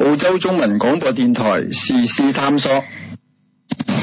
澳洲中文廣播電台時事探索。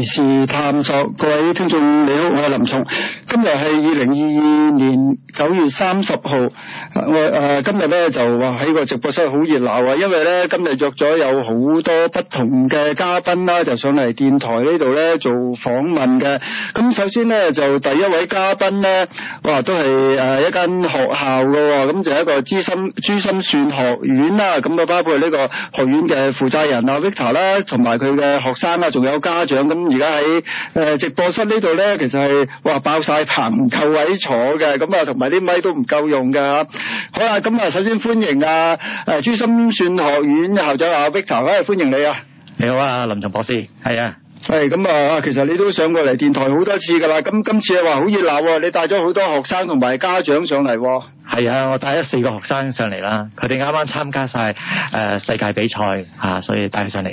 時事探索，各位聽眾，你好，我係林松。今日係二零二二年九月三十號，我誒今日咧就話喺個直播室好熱鬧啊！因為咧今日約咗有好多不同嘅嘉賓啦，就上嚟電台呢度咧做訪問嘅。咁首先咧就第一位嘉賓咧，哇都係誒一間學校嘅咁就係一個資深珠心算學院啦。咁啊包括呢個學院嘅負責人啊 Victor 啦同埋佢嘅學生啦仲有家長，咁而家喺誒直播室呢度咧，其實係哇爆曬！唔夠位坐嘅，咁啊，同埋啲米都唔夠用噶。好啦，咁啊，首先歡迎啊，誒，珠心算學院校長阿、啊、Victor，誒，歡迎你啊！你好啊，林同博士，係啊。係咁啊，其實你都上過嚟電台好多次噶啦。咁今次啊，話好熱鬧喎，你帶咗好多學生同埋家長上嚟、啊。係啊，我帶咗四個學生上嚟啦，佢哋啱啱參加晒誒、呃、世界比賽吓、啊，所以帶佢上嚟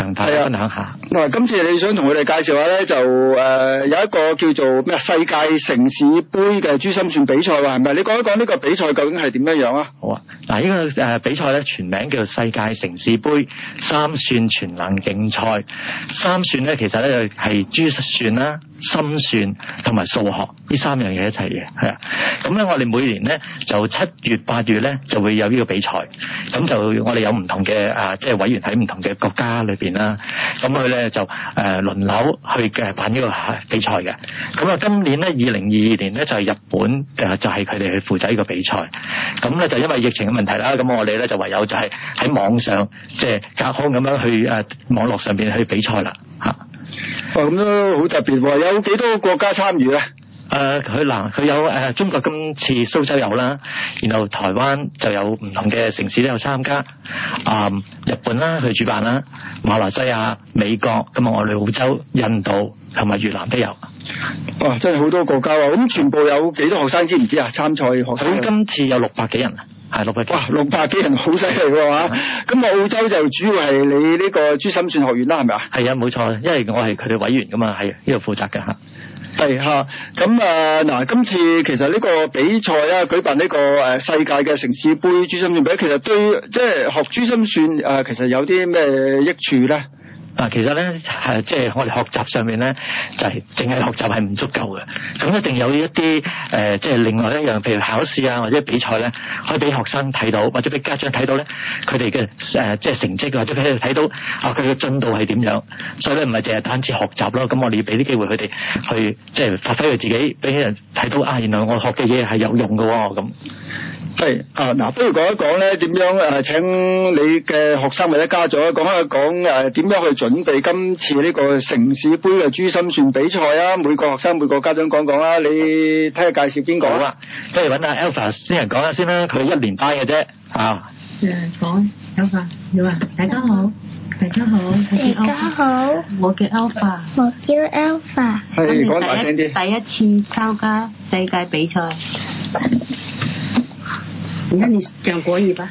同大家分享一下。嗱、啊，今次你想同佢哋介紹下咧，就誒、呃、有一個叫做咩世界城市杯嘅珠心算比賽喎，係咪？你講一講呢個比賽究竟係點樣樣啊？好啊，嗱、這個，呃、呢個誒比賽咧全名叫做世界城市杯三算全能競賽，三算咧其實咧就係珠心算啦、啊。心算同埋數學呢三樣嘢一齊嘅，係啊，咁咧我哋每年咧就七月八月咧就會有呢個比賽，咁就我哋有唔同嘅啊，即係委員喺唔同嘅國家裏邊啦，咁佢咧就誒輪流去嘅辦呢個比賽嘅，咁啊今年咧二零二二年咧就係日本誒就係佢哋去負責呢個比賽，咁咧就因為疫情嘅問題啦，咁我哋咧就唯有就係喺網上即係隔空咁樣去誒網絡上邊去比賽啦嚇。哇、哦，咁都好特別喎！有幾多國家參與啊？誒、呃，佢嗱，佢有誒，中國今次蘇州有啦，然後台灣就有唔同嘅城市都有參加，啊、嗯，日本啦，佢主辦啦，馬來西亞、美國，咁、呃、啊，我哋澳洲、印度同埋越南都有。哇、哦，真係好多國家喎！咁全部有幾多學生知唔知啊？參賽學生、嗯，今次有六百幾人啊！係六百哇！六百幾人好犀利嘅話，咁、啊啊、澳洲就主要係你呢個珠心算學院啦，係咪啊？係啊，冇錯，因為我係佢哋委員噶嘛，係呢度負責㗎。吓、嗯。係吓，咁啊嗱、啊，今次其實呢個比賽啊，舉辦呢個誒世界嘅城市盃珠心算比賽，其實對即係、就是、學珠心算、啊、其實有啲咩益處咧？嗱，其實咧係即係我哋學習上面咧，就係淨係學習係唔足夠嘅，咁一定有一啲誒，即係另外一樣，譬如考試啊，或者比賽咧，可以俾學生睇到，或者俾家長睇到咧，佢哋嘅誒即係成績，或者俾佢睇到啊，佢嘅進度係點樣？所以咧唔係淨係單止學習咯，咁我哋要俾啲機會佢哋去即係發揮佢自己，俾人睇到啊，原來我學嘅嘢係有用嘅喎咁。係啊，嗱，不如講一講咧點樣誒，請你嘅學生或者家長講一講誒點樣去。準備今次呢個城市盃嘅珠心算比賽啊！每個學生每個家長講講啦，你睇下介紹邊個好啦。不如搵下 Alpha、啊、先人講下先啦，佢一年班嘅啫，吓、哦。誒，講 Alpha，你好，大家好，大家好，我叫 Alpha。我叫 Alpha。誒，講大聲啲。第一次參加世界比賽。那你講國語吧。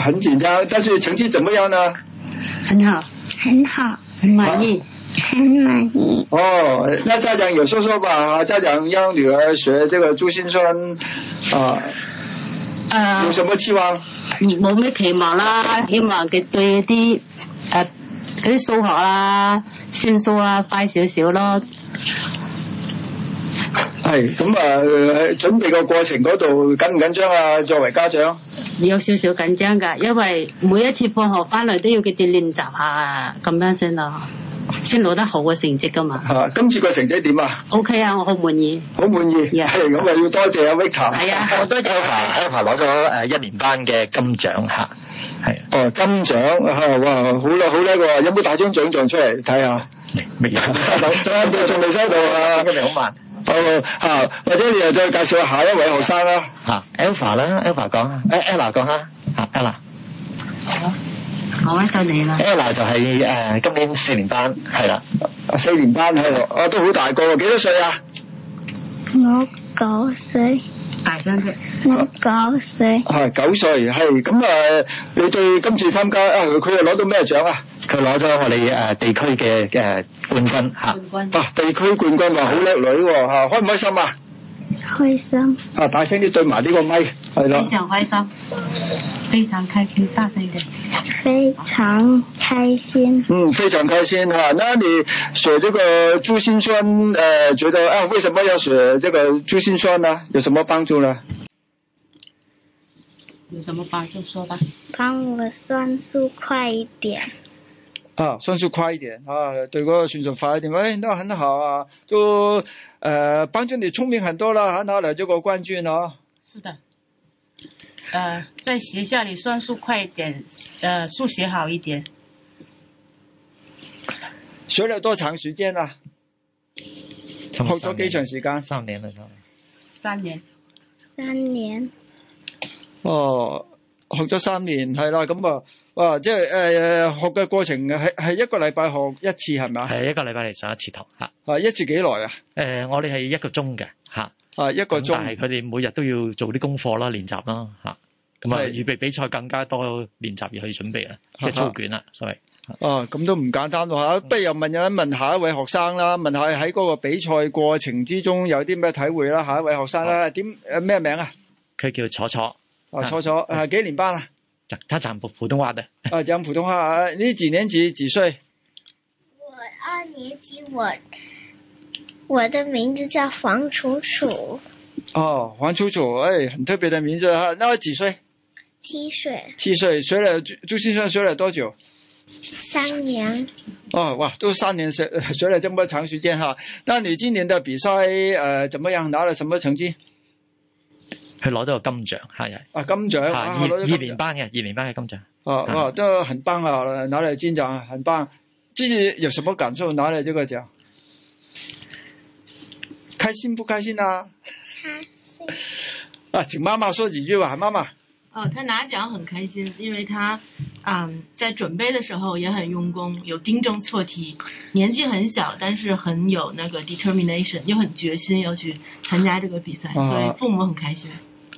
很緊張，但是成績怎麼樣呢？很好，很好，很滿意，啊、很滿意。哦，那家長有說說吧？家長讓女兒學這個珠心算，啊，呃、有什麼期望？冇咩期望啦，希望佢對啲誒，嗰啲數學啊、算數啊快少少咯。係，咁啊、呃，準備個過程嗰度緊唔緊張啊？作為家長，有少少緊張噶，因為每一次放學翻嚟，都要佢哋練習下咁樣先咯，先攞得好嘅成績噶嘛、啊。今次個成績點啊？OK 啊，我好滿意。好滿意。係、yeah，咁啊，要多謝阿 Victor，係啊、Victor，得個 Eric，Eric 攞咗誒一年班嘅金獎哈，係。哦，金獎、啊、哇，好叻好叻喎！有冇大張獎狀出嚟睇下？未有，仲未收到啊，好慢。 好啊，或者你又再介紹下一位學生啦，Alpha 啦，Alpha 講下。誒、啊啊、Ella 講下，吓、啊、Ella，講翻曬你啦。Ella 就係、是呃、今年四年班，係啦，四年班係喎、啊，都好大個喎，幾多歲啊？我九歲。大真嘅。等等我九歲，係、啊、九歲，係咁啊！你對今次參加啊，佢又攞到咩獎啊？佢攞咗我哋誒地區嘅嘅冠軍，吓，啊，地區、啊、冠軍，話好叻女喎，吓，開、啊、唔、啊啊哦啊、開心啊？開心，啊，大聲啲對埋呢個咪，係咯。非常開心，非常開心，大聲啲，非常開心。嗯，非常開心吓、啊，那你學呢個珠心算誒，覺得啊，為什麼要學呢個珠心算呢？有什麼幫助呢？有什麼幫助說吧，幫我算數快一點。啊，算數快一點啊，對個選手快一點。哎，那很好啊，就呃幫助你聰明很多了，很好了，來這個冠軍哦。是的，呃，在學校裏算數快一點，呃，數學好一點。學了多長時間了？學多，多長時間？三年了，三年，三年。哦，學咗三年係啦，咁啊，啊、嗯，即係誒學嘅過程係係一個禮拜學一次係咪？係一個禮拜嚟上一次堂吓。啊，一次幾耐啊？誒、嗯，我哋係一個鐘嘅吓。啊，一個鐘。但係佢哋每日都要做啲功課啦，練習啦吓，咁啊，預、嗯、備比賽更加多練習而去準備啦，即、就、係、是、操卷啦、啊啊嗯嗯，所咪？哦、嗯，咁都唔簡單咯、啊、吓。不如又問一問下一位學生啦，問下喺嗰個比賽過程之中有啲咩體會啦，下一位學生啦，點誒咩名啊？佢、啊、叫楚楚。哦，楚楚，呃、啊，幾年班了？講他講普通話的。哦，講普通話。你幾年級？幾歲？我二年級，我，我的名字叫黃楚楚。哦，黃楚楚，哎，很特別的名字哈。那幾歲？七歲。七歲學了珠心算學了多久？三年。哦哇，都三年學學了這麼長時間哈。那你今年的比賽呃怎麼樣？拿了什麼成績？去攞到個金獎，係啊，啊，啊！啊金獎啊，二二年班嘅二年班嘅金獎。哦哦，都很棒啊！攞嚟金獎，很棒。之是有什麼感受？攞嚟這個獎，開心不開心啊？開心。啊，請媽媽說幾句話，媽媽。哦，她拿獎很開心，因為她，嗯，在準備的時候也很用功，有訂正錯題。年紀很小，但是很有那個 determination，又很決心要去參加這個比賽，啊，所以父母很開心。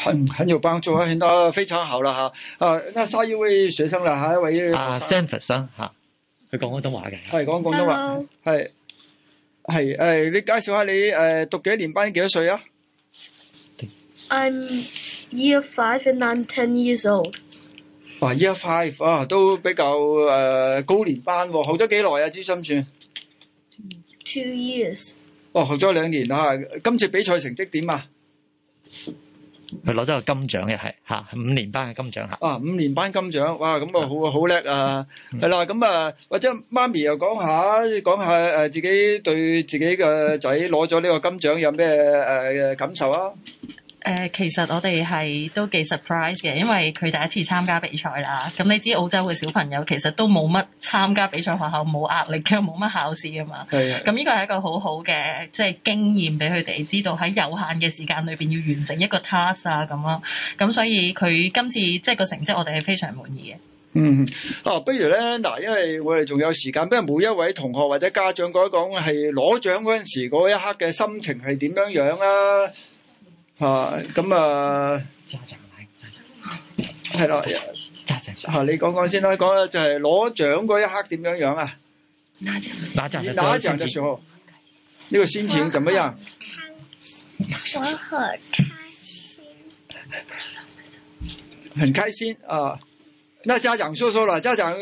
很很有幫助啊，顯得非常好、啊、了吓。誒，那下一位學生啦，下一位啊，Samson 吓，佢講廣東話嘅，係講廣東話，係係誒，你介紹下你誒讀,讀,讀幾年班，幾多歲啊？I'm year five and I'm ten years old。啊、嗯、，year five 啊，都比較誒高年班，學咗幾耐啊？珠心算？Two years。哦，學咗兩年啊，今次比賽成績點啊？佢攞咗個金獎嘅，係吓，五年班嘅金獎吓？啊，五年班金獎哇！咁、嗯、啊好好叻啊，係啦。咁啊，或者媽咪又講下講下誒，自己對自己嘅仔攞咗呢個金獎有咩誒感受啊？誒、呃，其實我哋係都幾 surprise 嘅，因為佢第一次參加比賽啦。咁你知澳洲嘅小朋友其實都冇乜參加比賽，學校冇壓力嘅，冇乜考試啊嘛。係啊。咁呢個係一個很好好嘅，即、就、係、是、經驗俾佢哋知道喺有限嘅時間裏邊要完成一個 task 啊，咁咯。咁所以佢今次即係、就是、個成績，我哋係非常滿意嘅。嗯，哦、啊，不如咧嗱，因為我哋仲有時間，不如每一位同學或者家長講一講係攞獎嗰陣時嗰一刻嘅心情係點樣樣啊？啊，咁、嗯、啊，係咯，嚇、啊啊、你講講先啦，講就係攞獎一刻點樣樣啊？拿獎，拿獎嘅，嘅，嘅時候，呢、這個心情怎麼樣？開心，我好開心，很開心啊！那家長說，說啦，家長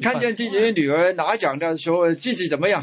看見自己女兒拿獎嘅時候，自己怎麼樣？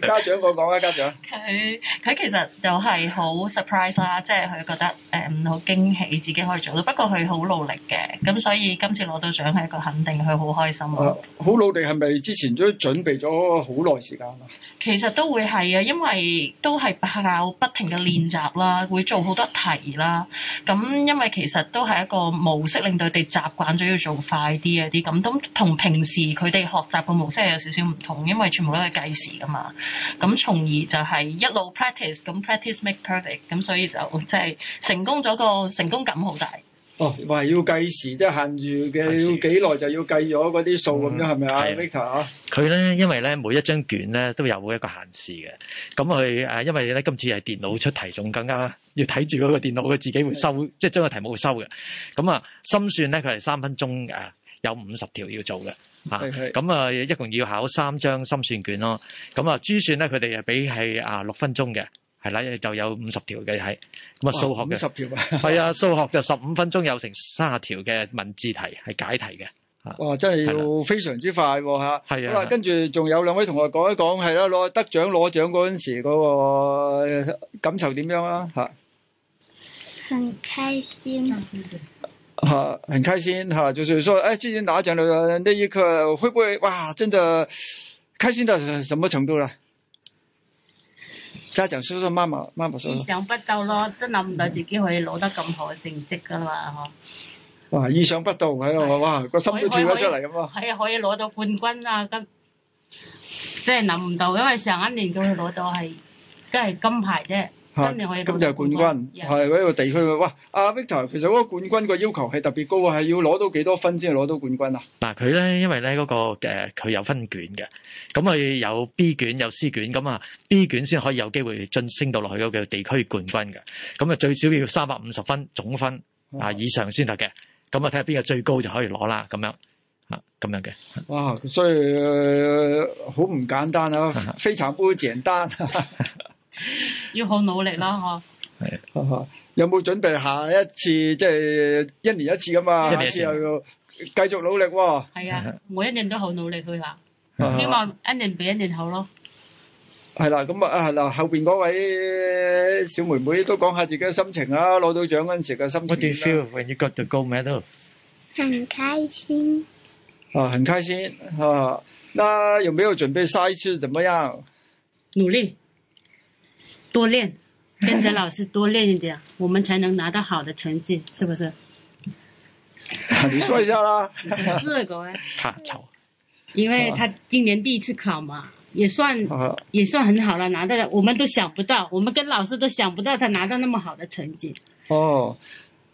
家長講講啊家長。佢佢其實就係好 surprise 啦，即係佢覺得誒唔好驚喜自己可以做到。不過佢好努力嘅，咁所以今次攞到獎係一個肯定，佢好開心。好，啊，努力係咪之前都準備咗好耐時間啊？其實都會係啊，因為都係比較不停嘅練習啦，會做好多題啦。咁因為其實都係一個模式令到佢哋習慣咗要做快啲嗰啲咁，咁同平時佢哋學習嘅模式係有少少唔同，因為全部都係計時噶嘛。咁，從而就係一路 practice，咁 practice make perfect，咁所以就即係成功咗，個成功感好大。哦，話要計時，即係限住嘅，要幾耐就要計咗嗰啲數咁樣，係咪啊，Vita 啊？佢咧，因為咧每一張卷咧都有一個限時嘅，咁佢誒，因為咧今次係電腦出題仲更加，要睇住嗰個電腦佢自己會收，即係將個題目會收嘅。咁啊，心算咧佢係三分鐘嘅，有五十條要做嘅。咁啊，一共要考三張心算卷咯。咁啊，珠算咧，佢哋啊俾係啊六分鐘嘅，係啦，就有五十條嘅係。咁啊，數學嘅五十條，係啊，數學就十五分鐘有成三十條嘅文字題，係解題嘅。哇，真係要非常之快吓。係啊。好啦，跟住仲有兩位同學講一講，係啦，攞得獎攞獎嗰陣時嗰個感受點樣啊？吓，很開心。啊，很開心哈、啊，就是說，誒、哎，今天拿獎的那一刻，會不會哇，真的開心到什麼程度了家長說，說，媽媽，媽媽說，說。意想不到咯，都諗唔到自己可以攞得咁好嘅成績噶嘛，哇、嗯啊！意想不到喺度、啊，哇，個、啊、心都跳咗出嚟咁啊！係啊，可以攞到冠軍啊，咁即係諗唔到，因為上一年都到攞到係都係金牌啫。啊！咁就冠軍，係嗰、yeah. 嗰個地區嘅。哇！阿、啊、Victor，其實嗰個冠軍個要求係特別高，係要攞到幾多分先攞到冠軍啊？嗱，佢咧因為咧、那、嗰個佢、呃、有分卷嘅，咁佢有 B 卷有 C 卷，咁啊 B 卷先可以有機會進升到落去嗰個地區冠軍嘅。咁啊最少要三百五十分總分啊，啊以上先得嘅。咁啊睇下邊個最高就可以攞啦。咁樣咁、啊、樣嘅。哇！所以好唔、呃、簡單啊，非常不簡單。 要好努力啦，嗬、啊。係、啊、有冇準備下一次，即、就、係、是、一年一次咁啊？一一次下次又要繼續努力喎、哦。係啊，啊，每一年都好努力去啦、啊啊，希望一年比一年好咯。係啦、啊，咁啊啊嗱，後邊嗰位小妹妹都講下自己嘅心情啊。攞到獎嗰時嘅心情、啊。How do you feel when you got the gold medal？很開心。啊，很開心啊。那有沒有準備下一次？怎麼樣？努力。多練，跟着老師多練一點， 我們才能拿到好的成績，是不是？啊、你說一下啦 、啊。因為他今年第一次考嘛，啊、也算、啊、也算很好了，拿到了。我們都想不到，我們跟老師都想不到他拿到那麼好的成績。哦。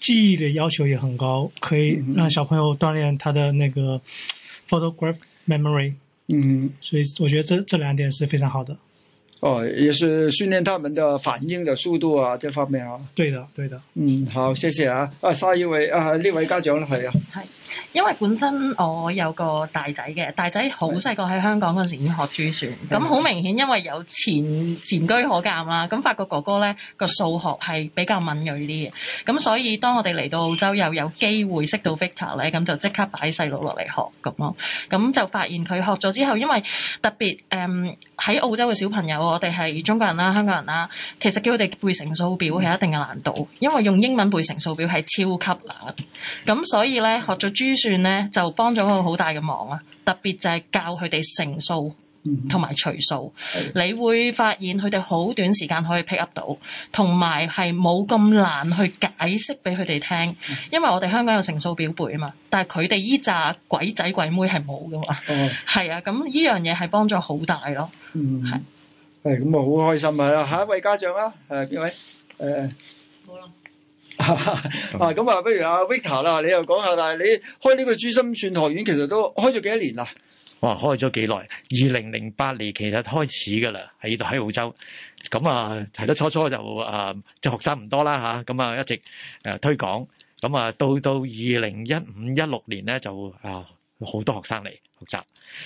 記憶的要求也很高，可以讓小朋友鍛鍊他的那個 photograph memory。嗯，所以我覺得這這兩點是非常好的。哦，也是訓練他們的反應的速度啊，這方面啊。對的，對的。嗯，好，謝謝啊。啊，下一位啊，另一位家長了，因為本身我有個大仔嘅，大仔好細個喺香港嗰陣時已經學珠算，咁好明顯因為有前前居可鑒啦，咁發覺哥哥咧個數學係比較敏鋭啲嘅，咁所以當我哋嚟到澳洲又有機會識到 Victor 咧，咁就即刻擺細路落嚟學咁咯，咁就發現佢學咗之後，因為特別、嗯、喺澳洲嘅小朋友，我哋係中國人啦、啊、香港人啦、啊，其實叫佢哋背乘數表係一定嘅難度，因為用英文背乘數表係超級難，咁所以咧學咗。珠算咧就幫咗我好大嘅忙啊！特別就係教佢哋乘數同埋除數，嗯，你會發現佢哋好短時間可以 pick up 到，同埋係冇咁難去解釋俾佢哋聽，因為我哋香港有乘數表背啊嘛，但係佢哋依紮鬼仔鬼妹係冇噶嘛，係、嗯、啊，咁呢樣嘢係幫助好大咯，係，誒、嗯，咁啊，好開心啊，下一位家長啊，誒，邊、呃、位，誒？啊咁啊，不如阿 Vita 啦，你又講下。但係你開呢個珠心算學院，其實都開咗幾多年啦？哇，開咗幾耐？二零零八年其實開始噶啦，喺度喺澳洲。咁啊，提得初初就啊，即係學生唔多啦吓。咁啊，啊，一直誒推廣。咁啊，到到二零一五一六年咧，就啊好多學生嚟學習。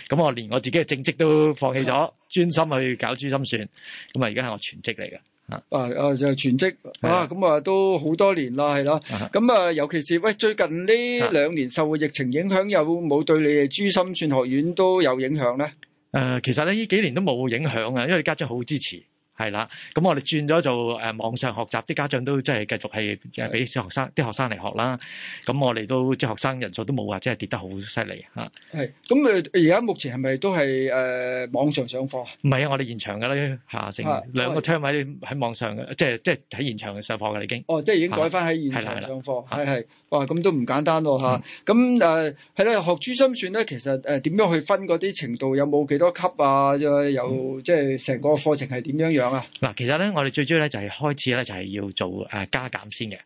咁我連我自己嘅正職都放棄咗，專 心去搞珠心算。咁啊，而家係我全職嚟嘅。啊啊就全職啊，咁啊都好多年啦係啦，咁啊，啊尤其是喂，最近呢兩年受個疫情影響，有冇對你哋珠心算學院都有影響咧？誒、呃，其實咧呢幾年都冇影響啊，因為家長好支持。係啦，咁我哋轉咗做誒、呃、網上學習，啲家長都即係繼續係誒俾小學生，啲學生嚟學啦。咁我哋都即係學生人數都冇話即係跌得好犀利吓。係，咁誒而家目前係咪都係誒、呃、網上上課？唔係啊，我哋現場噶啦吓，成兩個窗位喺網上，即係即係喺現場上課噶啦已經。哦，即係已經改翻喺現場上課。係係，哇，咁都唔簡單咯、啊、吓。咁誒係啦，學珠心算咧，其實誒點、呃、樣去分嗰啲程度，有冇幾多級啊？有即係成個課程係點樣樣？嗱，其實咧，我哋最主要咧就係開始咧就係要做誒加減先嘅，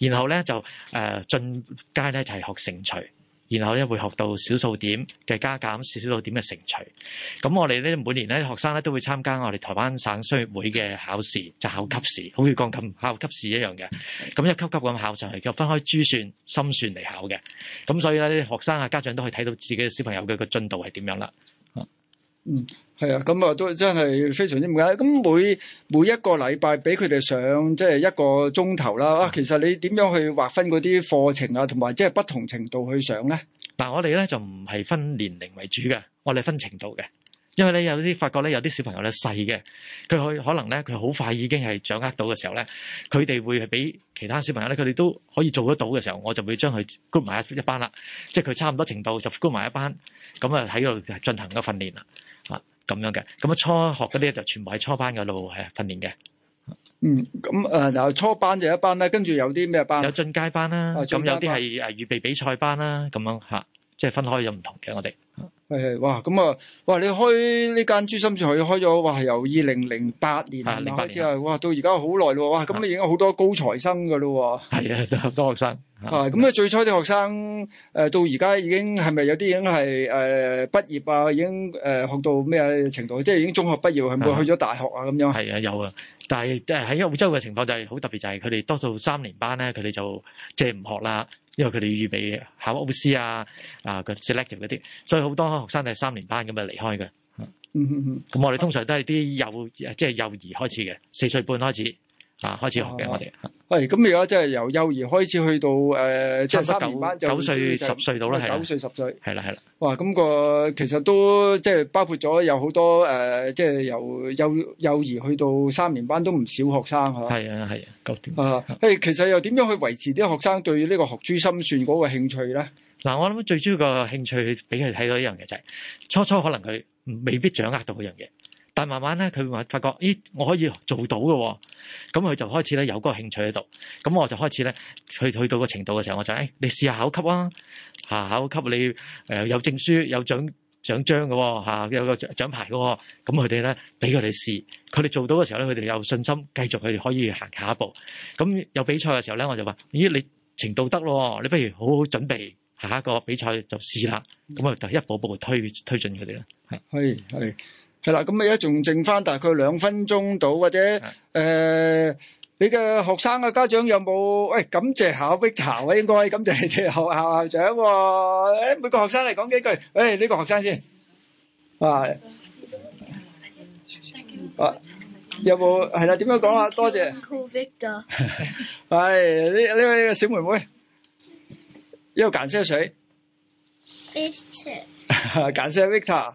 然後咧就誒進階咧就係學乘除，然後咧會學到小數點嘅加減、小數點嘅乘除。咁我哋咧每年咧學生咧都會參加我哋台灣省商業會嘅考試，就考級試，好似鋼琴考級試一樣嘅。咁一級級咁考上去，又分開珠算、心算嚟考嘅。咁所以咧學生啊、家長都可以睇到自己小朋友嘅個進度係點樣啦。嗯。係啊，咁啊都真係非常之唔簡單。咁每每一個禮拜俾佢哋上即係一個鐘頭啦。啊，其實你點樣去劃分嗰啲課程啊，同埋即係不同程度去上咧？嗱，我哋咧就唔係分年齡為主嘅，我哋分程度嘅。因為咧有啲發覺咧，有啲小朋友咧細嘅，佢去可能咧佢好快已經係掌握到嘅時候咧，佢哋會係俾其他小朋友咧，佢哋都可以做得到嘅時候，我就會將佢 group 埋一班啦，即係佢差唔多程度就 group 埋一班，咁啊喺度進行個訓練啦。咁樣嘅，咁啊初學嗰啲就全部係初班嘅，係誒訓練嘅。嗯，咁、嗯、誒，然、嗯、後初班就一班啦，跟住有啲咩班？有進階班啦，咁、啊、有啲係誒預備比賽班啦，咁樣吓，即、啊、係、就是、分開有唔同嘅我哋。誒，哇，咁啊，哇，你開呢間珠心算台開咗，哇，由二零零八年啊，2008年開始係哇，到而家好耐咯，哇，咁你已經有好多高材生噶咯，係啊，有好多學生啊，咁啊，最初啲學生誒、呃，到而家已經係咪有啲已經係誒畢業啊，已經誒、呃、學到咩程度？即係已經中學畢業，係咪、啊、去咗大學啊？咁樣，係啊，有啊，但係即係喺澳洲嘅情況就係好特別，就係佢哋多數三年班咧，佢哋就即係唔學啦。因為佢哋要預備考 O.C. 啊，啊個 selective 啲，所以好多學生係三年班咁啊離開嘅。嗯嗯嗯，咁我哋通常都係啲幼，即係幼兒開始嘅，四歲半開始。啊，開始學嘅我哋。咁而家即係由幼兒開始去到誒，呃、79, 即係三年班，就九歲十歲到啦，係九歲十歲，係啦係啦。哇，咁、個其實都即係包括咗有好多誒、呃，即係由幼幼兒去到三年班都唔少學生吓。係啊係啊，九點。啊，誒、啊，其實又點樣去維持啲學生對呢個學珠心算嗰個興趣咧？嗱、啊，我諗最主要個興趣俾佢睇到一樣嘢、就係，就係初初可能佢未必掌握到嗰樣嘢。但慢慢咧，佢話發覺，咦，我可以做到嘅、哦，咁佢就開始咧有嗰個興趣喺度。咁我就開始咧，去去到個程度嘅時候，我就誒、哎，你試下考級啊，考級你、呃、有證書、有獎獎章嘅、哦，嚇、啊、有個獎、獎牌嘅、哦。咁佢哋咧俾佢哋試，佢哋做到嘅時候咧，佢哋有信心，繼續佢哋可以行下一步。咁有比賽嘅時候咧，我就話，咦，你程度得咯，你不如好好準備下一個比賽就試啦。咁我就一步一步推推進佢哋啦。係係。係啦，咁啊，而家仲剩翻大概兩分鐘到，或者誒，你嘅學生啊，家長有冇喂？感謝下 Victor 喂，應該，感謝你哋學校校長，誒，每個學生嚟講幾句，誒，呢個學生先，啊，啊，有冇？係啦，點樣講啊？多謝。Call Victor。係呢呢位小妹妹，要感謝誰？Victor。感謝 Victor。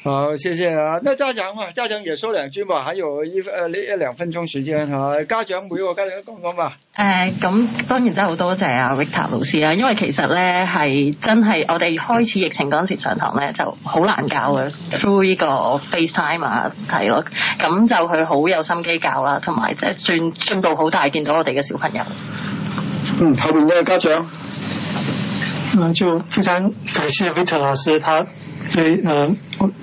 好，謝謝啊！那家長啊，家長也說兩句吧，還有一、呃、一兩分鐘時間吓、啊，家長每一個家長講講吧。誒、uh, 嗯，咁當然真係好多謝阿、啊、Victor 老師啦，因為其實咧係真係我哋開始疫情嗰陣時上堂咧就好難教嘅、mm -hmm.，through 呢個 FaceTime 啊睇咯，咁、嗯、就佢好有心機教啦，同埋即係進進步好大，見到我哋嘅小朋友。嗯，後面嘅家長，嗯，就非常感謝 Victor 老師，Vita, 他嗯。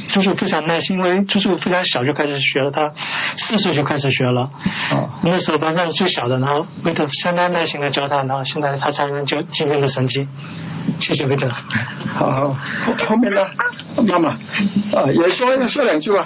就是非常耐心，因為朱叔非常小就開始學了，他四歲就開始學了。哦，那時候班上最小的，然後維特相當耐心地教他，然後現在他才能就今天的成績。謝謝維特好好 後，後面呢？媽媽，呃、啊，也說也說兩句吧。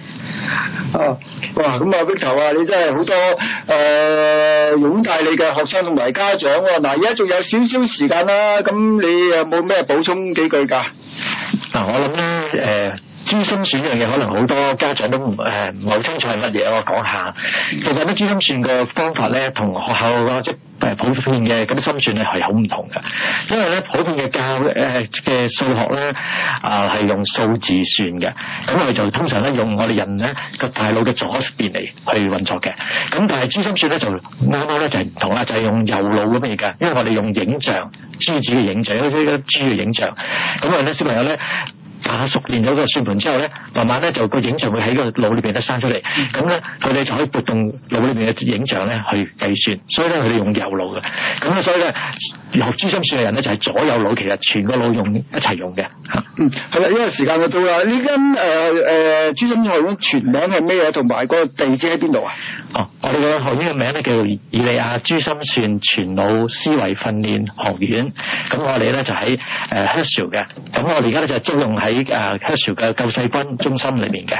啊，哇！咁啊，碧頭、呃、啊，點點你真係好多誒，擁戴你嘅學生同埋家長喎。嗱，而家仲有少少時間啦，咁你有冇咩補充幾句㗎？嗱、啊，我諗咧誒。啊呃珠心算呢樣嘢可能好多家長都唔誒唔係好清楚係乜嘢，我講下。其實咧珠心算個方法咧，同學校即係普遍嘅啲心算咧係好唔同嘅。因為咧普遍嘅教誒嘅、呃、數學咧啊係用數字算嘅，咁我哋就通常咧用我哋人咧個大腦嘅左邊嚟去運作嘅。咁但係珠心算咧就啱啱咧就係唔同啦，就係、就是就是、用右腦咁嘅嘢噶。因為我哋用影像珠子嘅影像，一啲啲珠嘅影像。咁我哋啲小朋友咧。啊！熟練咗個算盤之後咧，慢慢咧就個影像會喺個腦裏邊咧生出嚟。咁、嗯、咧，佢哋就可以撥動腦裏邊嘅影像咧去計算。所以咧，佢哋用右腦嘅。咁啊，所以咧，學珠心算嘅人咧就係左右腦，其實全個腦一用一齊用嘅。嗯。係啦，呢、這個時間就到啦。呢間誒誒珠心學院全名係咩嘢？同埋個地址喺邊度啊？哦，我哋個學院嘅名咧叫做以利亞珠心算全腦思維訓練學院。咁我哋咧就喺誒 Hurstville 嘅。咁、呃、我哋而家咧就租用喺，喺啊 Hershey 嘅救世軍中心裏面嘅，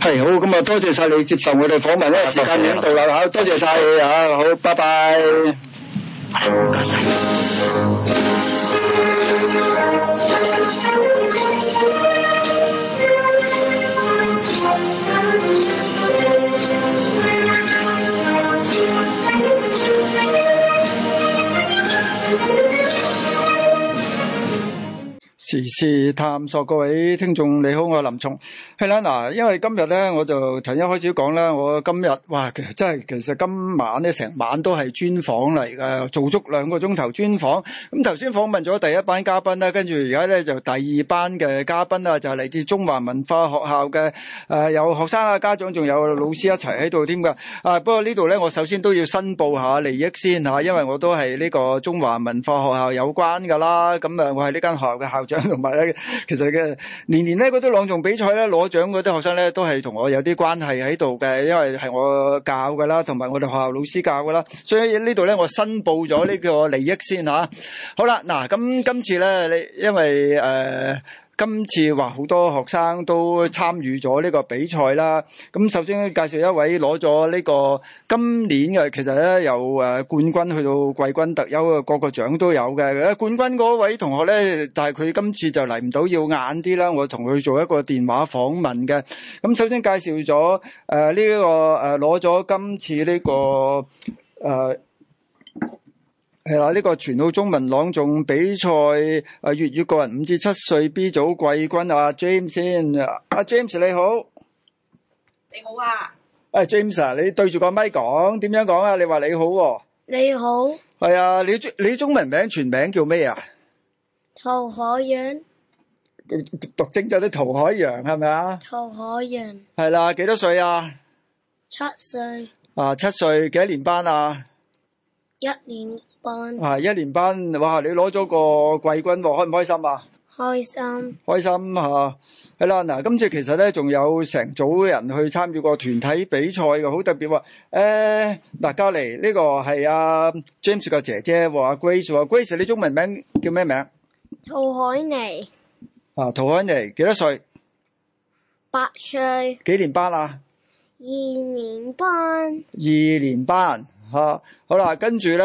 係。好，咁啊，多謝晒你接受我哋訪問啦，時間已經到啦嚇，多謝晒你啊。好，拜拜。哎，謝謝。時事探索，各位聽眾你好，我係林松係啦嗱，因為今日咧，我就頭一開始講咧，我今日哇，其實真係，其實今晚咧成晚都係專訪嚟噶，做足兩個鐘頭專訪。咁頭先訪問咗第一班嘉賓啦，跟住而家咧就第二班嘅嘉賓啦，就係嚟自中華文化學校嘅誒，有學生啊、家長仲有老師一齊喺度添噶。啊，不過呢度咧，我首先都要申報下利益先吓，因為我都係呢個中華文化學校有關噶啦，咁啊，我係呢間學校嘅校長。同埋咧，其實嘅年年咧，嗰啲朗誦比賽咧攞獎嗰啲學生咧，都係同我有啲關係喺度嘅，因為係我教㗎啦，同埋我哋學校老師教㗎啦。所以呢度咧，我申報咗呢個利益先嚇、啊。好啦，嗱咁今次咧，你因為誒。呃今次話好多學生都參與咗呢個比賽啦。咁首先介紹一位攞咗呢個今年嘅，其實咧由冠軍去到季軍特優嘅各個獎都有嘅。冠軍嗰位同學咧，但係佢今次就嚟唔到，要晏啲啦。我同佢做一個電話訪問嘅。咁首先介紹咗、呃、呢個攞咗、呃、今次呢、呢個、呃係啦，呢個全澳中文朗誦比賽誒粵語個人五至七歲 B 組季軍啊，James 先，阿 James 你好，你好啊，誒 James 啊，你對住個麥講，點樣講啊？你話你好。啊，你好，係啊，你中你中文名全名叫咩啊？陶，讀讀陶海洋，讀精咗啲陶海洋係咪啊？陶海洋，係啦。啊，幾多歲啊？七歲，啊七歲，幾多年班啊？一年。係、啊、一年班，哇！你攞咗個季軍、哦、開唔開心啊？開心，開心吓係啦。嗱、啊啊，今次其實咧，仲有成組人去參與個團體比賽嘅，好特別喎、啊。誒、哎，嗱、啊，隔籬呢個係阿、啊、James 嘅姐姐和阿、啊、Grace，Grace，、啊、你中文名叫咩名？陶海妮。啊，陶海妮，幾多歲？八歲。幾年班啊？二年班。二年班。吓、啊、好啦，跟住咧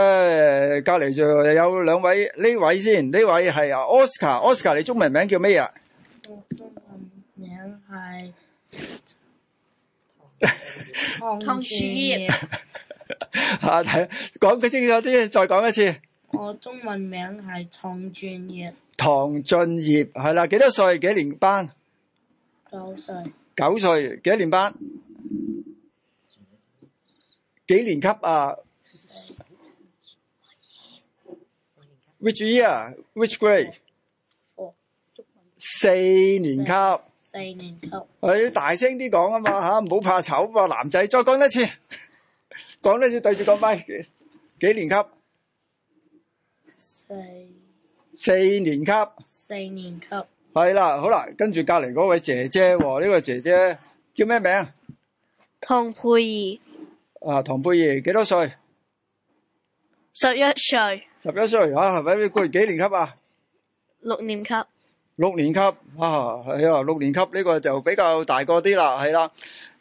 隔籬就有兩位呢位先，呢位係 Oscar，Oscar 你中文名叫咩啊？我中文名係 唐俊業葉。吓睇，講佢清楚啲，再講一次。我中文名係唐俊業。唐俊業係啦，幾多歲？幾年班？九歲。九歲幾多年班？幾年級啊？Which year? Which grade？四年級。四年級。你要大聲啲講啊嘛吓，唔好怕醜啊，男仔，再講一次，講多次對住個咪。幾年級？四四年級。四年級。係啦，好啦，跟住隔籬嗰位姐姐，呢個姐姐叫咩名？唐沛儀。啊，唐沛儀幾多歲？十一歲。十一歲，吓、啊，喺邊讀幾年級啊？六年級。六年級，啊係啊，六年級呢個就比較大個啲啦，係啦。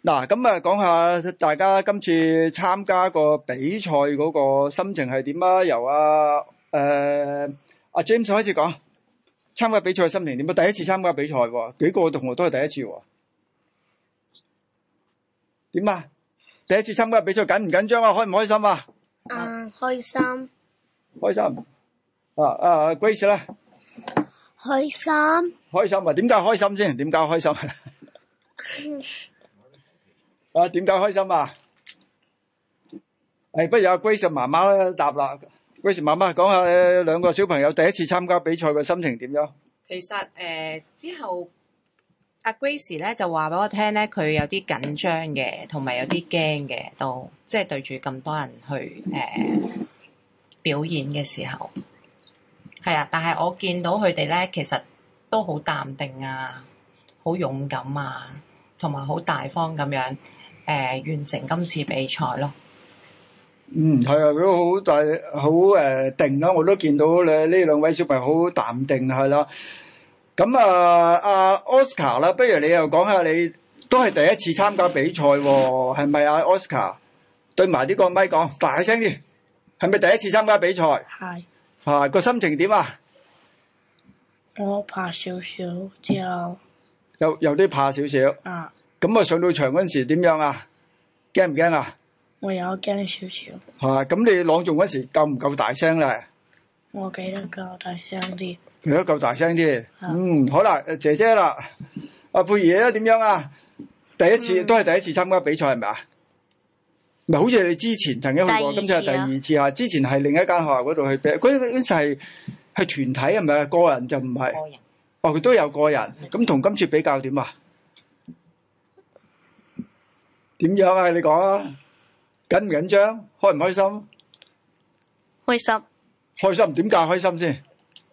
嗱，咁啊，講、啊、下大家今次參加個比賽嗰個心情係點啊？由阿誒阿 James 開始講，參加比賽心情點啊？第一次參加比賽，幾個同學都係第一次，點啊？第一次參加比賽緊唔緊張啊？開唔開心啊？嗯，開心。開心。啊啊，Grace 咧？開心。開心啊？點解開心先？點解開心？啊？點解開心啊？誒不如阿 Grace 媽媽答啦。Grace 媽媽講下兩個小朋友第一次參加比賽嘅心情點樣？其實誒，之後。阿 Grace 咧就話俾我聽咧，佢有啲緊張嘅，同埋有啲驚嘅，都即係對住咁多人去誒、呃、表演嘅時候，係啊。但係我見到佢哋咧，其實都好淡定啊，好勇敢啊，同埋好大方咁樣誒、呃，完成今次比賽咯。嗯，係啊，佢都好大好誒、呃、定啊，我都見到咧呢兩位小朋友好淡定係啦。咁啊，阿 Oscar 啦，Oscar, 不如你又講下你都係第一次參加比賽喎，哦，係咪啊，Oscar 對埋啲個麥講大聲啲，係咪第一次參加比賽？係。啊，個心情點啊？我怕少少之後。有，有啲怕少少。啊。咁啊，上到場嗰時點樣啊？驚唔驚啊？我有驚少少。係，啊，咁你朗誦嗰時夠唔夠大聲咧？我記得夠大聲啲。佢都夠大聲啲，嗯，好啦，姐姐啦，阿沛儀咧點樣啊？第一次，嗯、都係第一次參加比賽係咪啊？咪好似你之前曾經去過，次啊，今次係第二次啊。之前係另一間學校嗰度去比，嗰時係係團體係咪啊？個人就唔係，哦，佢都有個人。咁同今次比較點啊？點樣啊？你講啊？緊唔緊張？開唔開心？開心，開心，點解開心先？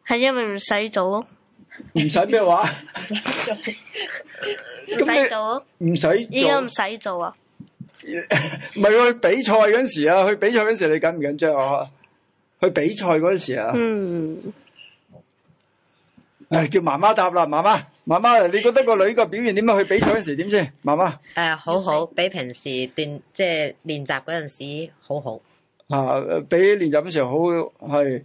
係因為唔使做， 做咯，唔使咩話？唔使做咯，唔使。依家唔使做啊？唔係去比賽嗰時啊，去比賽嗰時你緊唔緊張啊？去比賽嗰時啊，嗯、哎，叫媽媽答啦，媽媽，媽媽，你覺得個女個表現點樣啊？去比賽嗰時點先？媽媽，誒、呃，好好，比平時練即係練習嗰陣時候好好、啊、比練習嗰時好係。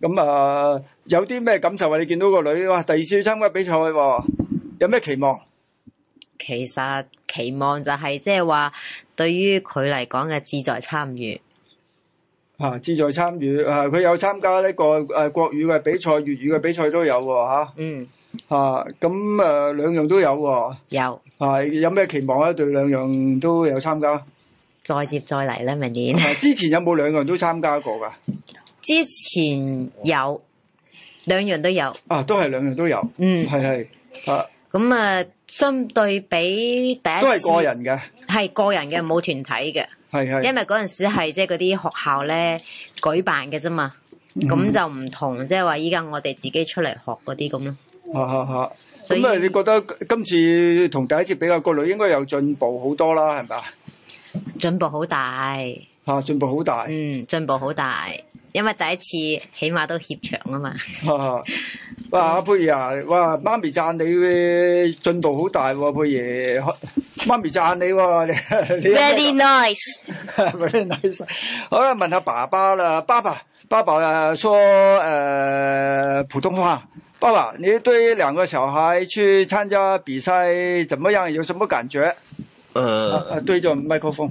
咁、嗯、啊，有啲咩感受啊？你見到個女，哇，第二次參加比賽喎，有咩期望？其實期望就係即係話，對於佢嚟講嘅志在參與。啊，志在參與。佢有參加呢個誒國語嘅比賽、粵語嘅比賽都有喎。吓、啊。嗯。咁誒兩樣都有。有。係、啊、有咩期望咧？對兩樣都有參加。再接再厲呢，明年。啊、之前有冇兩個人都參加過噶？之前有兩樣都有，啊，都係兩樣都有，嗯，係係，啊，咁啊，相對比第一次都係個人嘅，係個人嘅冇團體嘅，係係，因為嗰陣時係即係嗰啲學校咧舉辦嘅啫嘛，咁、嗯、就唔同，即係話依家我哋自己出嚟學嗰啲咁咯，吓吓吓，咁啊，啊啊你覺得今次同第一次比較，過嚟應該有進步好多啦，係咪啊？進步好大。啊！進步好大，嗯，進步好大，因為第一次起碼都怯場啊嘛。哇，沛儀，哇，媽咪讚你進步好大，哦，沛儀，媽咪讚你，哦，你。Very nice。 Very nice。好啦，問下爸爸啦，爸爸，爸爸，啊，說，誒、呃，普通話，爸爸，你對兩個小孩去參加比賽怎麼樣？有什麼感覺？誒、uh, 啊，對着麥克風。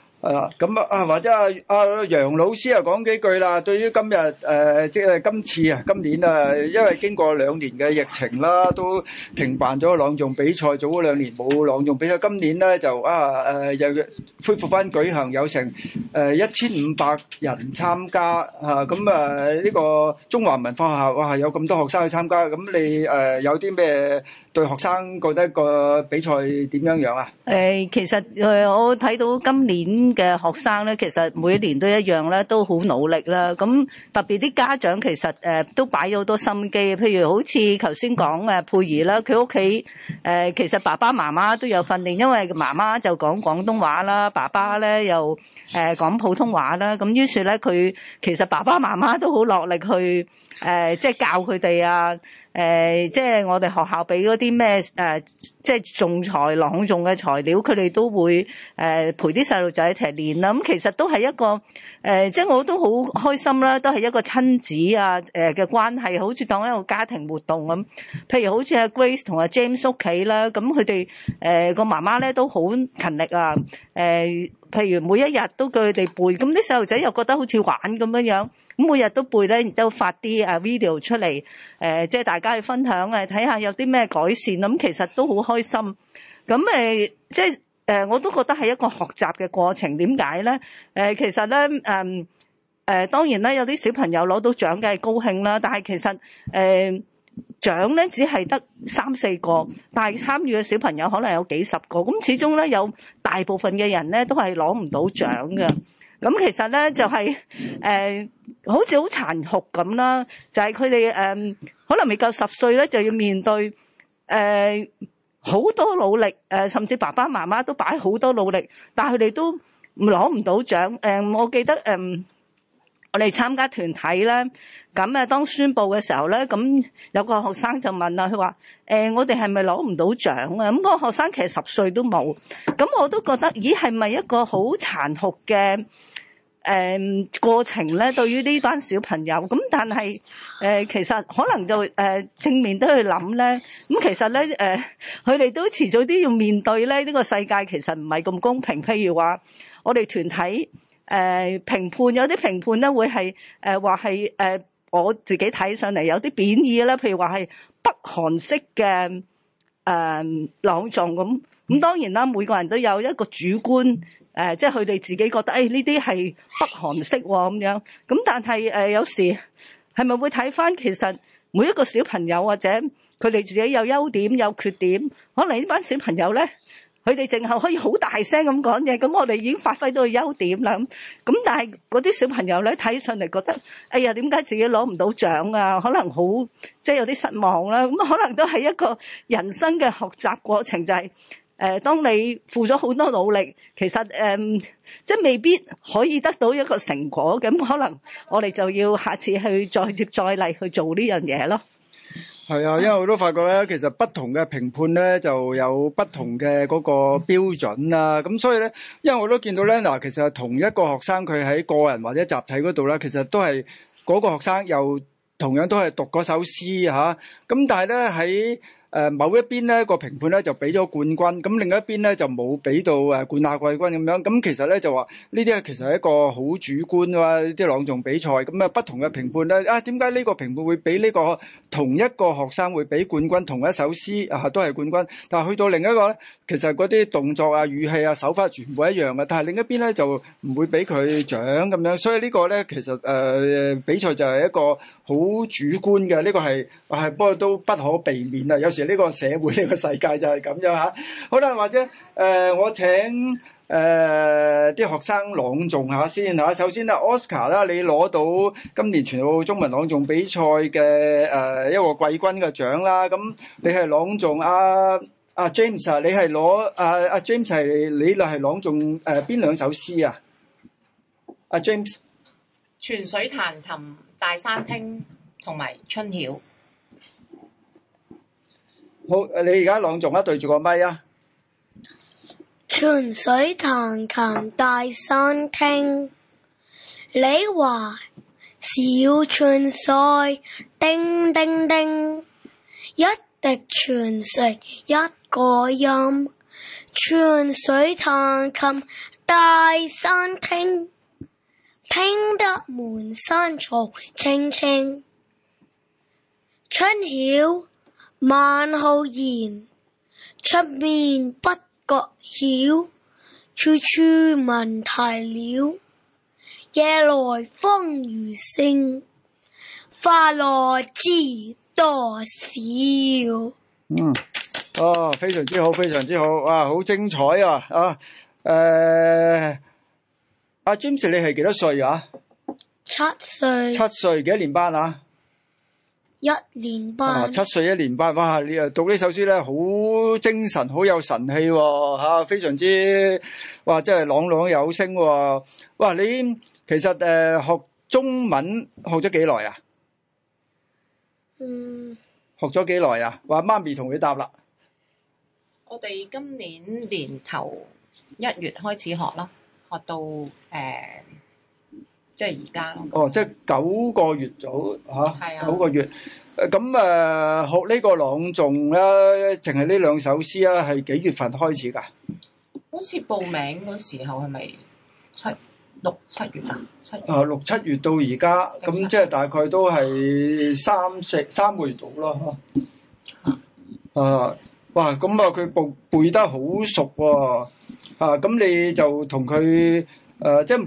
係啦，咁啊啊，或者啊啊楊老師又講幾句啦。對於今日誒，即係今次啊，今年啊，因為經過兩年嘅疫情啦，都停辦咗朗誦比賽，早嗰兩年冇朗誦比賽，今年咧就啊誒又恢復返舉行，有成誒一千五百人參加吓，咁啊呢個中華文化學校哇，有咁多學生去參加，咁你誒有啲咩對學生覺得個比賽點樣樣啊？誒，其實誒我睇到今年。嘅學生咧，其實每年都一樣咧，都好努力啦。咁特別啲家長其實都擺咗好多心機，譬如好似頭先講嘅沛儀啦，佢屋企其實爸爸媽媽都有訓練，因為媽媽就講廣東話啦，爸爸咧又講普通話啦，咁於是咧佢其實爸爸媽媽都好落力去。誒，即係教佢哋啊！誒，即係我哋學校俾嗰啲咩，誒，即係中文朗誦嘅材料，佢哋都會誒陪啲細路仔一齊練啦。咁其實都係一個誒，即係我都好開心啦，都係一個親子啊誒嘅關係，好似當一個家庭活動咁。譬如好似阿 Grace 同阿 James 屋企啦，咁佢哋誒個媽媽咧都好勤力啊。誒，譬如每一日都叫佢哋背，咁啲細路仔又覺得好似玩咁樣樣。咁每日都背咧，然之後發啲啊 video 出嚟，誒即係大家去分享啊，睇下有啲咩改善啦。咁其實都好開心。咁誒，即係誒，我都覺得係一個學習嘅過程。點解咧？誒，其實咧，誒誒，當然啦，有啲小朋友攞到獎梗係高興啦。但係其實誒獎咧只係得三四個，但係參與嘅小朋友可能有幾十個。咁始終咧有大部分嘅人咧都係攞唔到獎嘅。咁其實咧就係誒好似好殘酷咁啦，就係佢哋誒可能未夠十歲咧就要面對誒好多努力誒，甚至爸爸媽媽都擺好多努力，但係佢哋都攞唔到獎誒。我記得誒我哋參加團體咧，咁啊當宣佈嘅時候咧，咁有個學生就問啦，佢話誒我哋係咪攞唔到獎啊？咁個學生其實十歲都冇，咁我都覺得咦係咪一個好殘酷嘅？誒，過程咧，對於呢班小朋友咁，但係誒，其實可能就誒正面都去諗咧。咁其實咧，誒，佢哋都遲早都要面對咧呢個世界，其實唔係咁公平。譬如話，我哋團體誒評判，有啲評判咧會係誒話係誒我自己睇上嚟，有啲貶義啦。譬如話係北韓式嘅誒，朗誦咁。咁當然啦，每個人都有一個主觀。誒，即係佢哋自己覺得，誒呢啲係北韓式喎，咁樣。咁但係誒，有時係咪會睇翻其實每一個小朋友或者佢哋自己有優點有缺點，可能呢班小朋友咧，佢哋淨係可以好大聲咁講嘢，咁我哋已經發揮到佢優點啦。咁咁，但係嗰啲小朋友咧，睇上嚟覺得，哎呀，點解自己攞唔到獎啊？可能好即係有啲失望啦。咁可能都係一個人生嘅學習過程，就係。誒，當你付咗好多努力，其實誒，即係未必可以得到一個成果嘅，咁可能我哋就要下次去再接再厲去做呢樣嘢咯。係啊，因為我都發覺咧，其實不同嘅評判咧就有不同嘅嗰個標準啦。咁所以咧，因為我都見到咧，嗱，其實同一個學生佢喺個人或者集體嗰度咧，其實都係嗰個學生又同樣都係讀嗰首詩嚇。咁但係咧喺誒某一邊咧個評判咧就俾咗冠軍，咁另一邊咧就冇俾到誒冠亞季軍咁樣。咁其實咧就話呢啲咧其實係一個好主觀㗎嘛，啲朗誦比賽咁啊，不同嘅評判咧啊，點解呢個評判會俾呢個同一個學生會俾冠軍同一首詩啊都係冠軍，但係去到另一個咧其實嗰啲動作啊語氣啊手法全部一樣嘅，但係另一邊咧就唔會俾佢獎咁樣。所以呢個咧其實誒比賽就係一個好主觀嘅，呢個係係不過都不可避免啊，有時。呢個社會，呢個世界就係咁樣嚇。好啦，或者誒，我請誒啲學生朗誦下先嚇。首先啊，Oscar 啦，你攞到今年全澳中文朗誦比賽嘅誒一個季軍嘅獎啦。咁你係朗誦阿阿 James 啊，你係攞阿阿 James 係你係朗誦誒邊兩首詩啊？阿 James，泉水彈琴，大山聽，同埋春曉。好，你而家朗誦啦，對住個咪啊！泉水彈琴大山聽，你話小泉水叮叮叮，一滴泉水一個音。泉水彈琴大山聽，聽得滿山草青青。春曉。孟浩然，春眠不覺曉，處處聞啼鳥。夜來風雨聲，花落知多少。嗯，哦，非常之好，非常之好，哇，好精彩啊！啊，誒、啊，阿、啊啊、James，你係幾多歲啊？七歲。七歲幾多年班啊？一年班，啊、七歲一年班，哇！你啊讀呢首詩咧，好精神，好有神氣、哦，吓、啊，非常之，哇！真係朗朗有聲、哦，哇！你其實誒、呃、學中文學咗幾耐啊？嗯，學咗幾耐啊？話媽咪同佢答啦。我哋今年年頭一月開始學啦，學到誒。呃即係而家哦，即係九個月左嚇、啊啊，九個月咁誒學個呢個朗誦咧，淨係呢兩首詩啦、啊，係幾月份開始㗎？好似報名嗰時候係咪七六七月啊？七月，七月啊，六七月到而家咁，七月即係大概都係三四三個月到啦。嚇啊，啊！哇！咁啊，佢背背得好熟喎、啊。啊！咁你就同佢誒，即係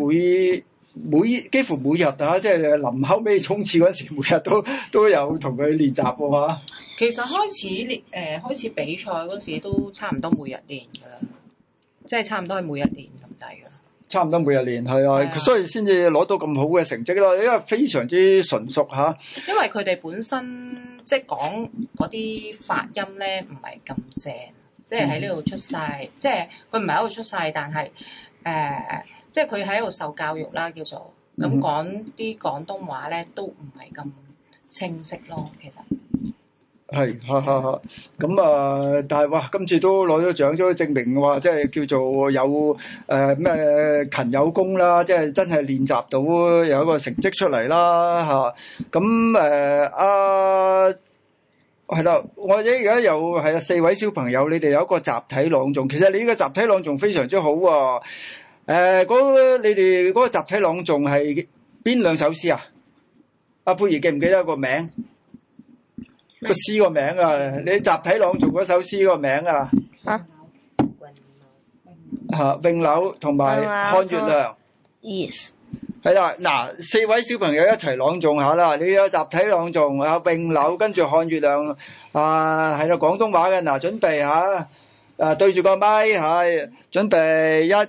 每。每幾乎每日啊，即係臨後尾衝刺嗰時，每日都都有同佢練習喎嚇。其實開始練誒開始比賽嗰時，都差唔多每日練噶啦，即係差唔多係每日練咁滯噶。差唔多每日練係啊，所以先至攞到咁好嘅成績咯，因為非常之純熟嚇啊。因為佢哋本身即係講嗰啲發音咧，唔係咁正，即係喺呢度出世，即係佢唔係喺度出世，但係誒。呃即係佢喺度受教育啦，叫做咁講啲廣東話咧，都唔係咁清晰咯。其實係，咁啊，但係哇，今次都攞咗獎，都證明話即係叫做有誒咩勤有功啦，即係真係練習到有一個成績出嚟啦，嚇！咁誒啊，係啦，我哋而家有係啊四位小朋友，你哋有一個集體朗誦，其實你呢個集體朗誦非常之好喎。誒，嗰，你哋嗰個集體朗誦係邊兩首詩啊？阿沛儀記唔記得個名？個詩個名啊！你集體朗誦嗰首詩個名啊？吓，詠柳同埋看月亮。Yes。係啦，嗱，四位小朋友一齊朗誦下啦。你有集體朗誦，有詠柳，跟住看月亮。啊，係啦廣東話嘅。嗱，準備吓，誒，對住個麥吓，準備一。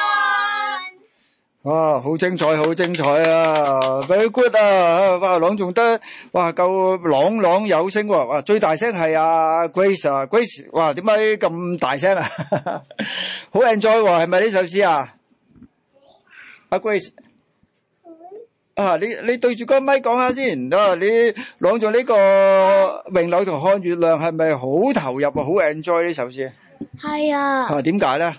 哇，好精彩，好精彩啊！Very good 啊！哇，朗誦得哇，夠朗朗有聲喎！哇，最大聲係阿 Grace 啊，Grace，哇，點解咁大聲啊？好 enjoy 喎，係咪呢首詩啊？阿 Grace，啊，你你對住個咪講下先，啊，你朗誦呢個《明樓同看月亮》係咪好投入啊？好 enjoy 呢首詩？係啊。啊，點解咧？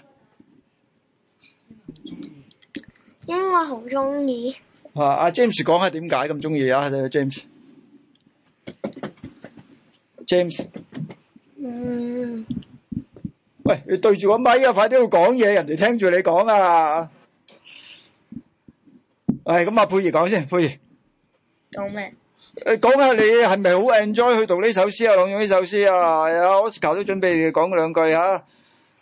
因為我好中意啊！阿 James 講下點解咁中意啊？你 James，James，嗯，喂，你對住個咪啊！快啲去講嘢，人哋聽住你講啊！咁阿，沛儀講先，沛儀，講咩？誒，講下你係咪好 enjoy 去讀呢首詩啊？朗讀呢首詩啊！阿 Oscar 都準備講兩句啊。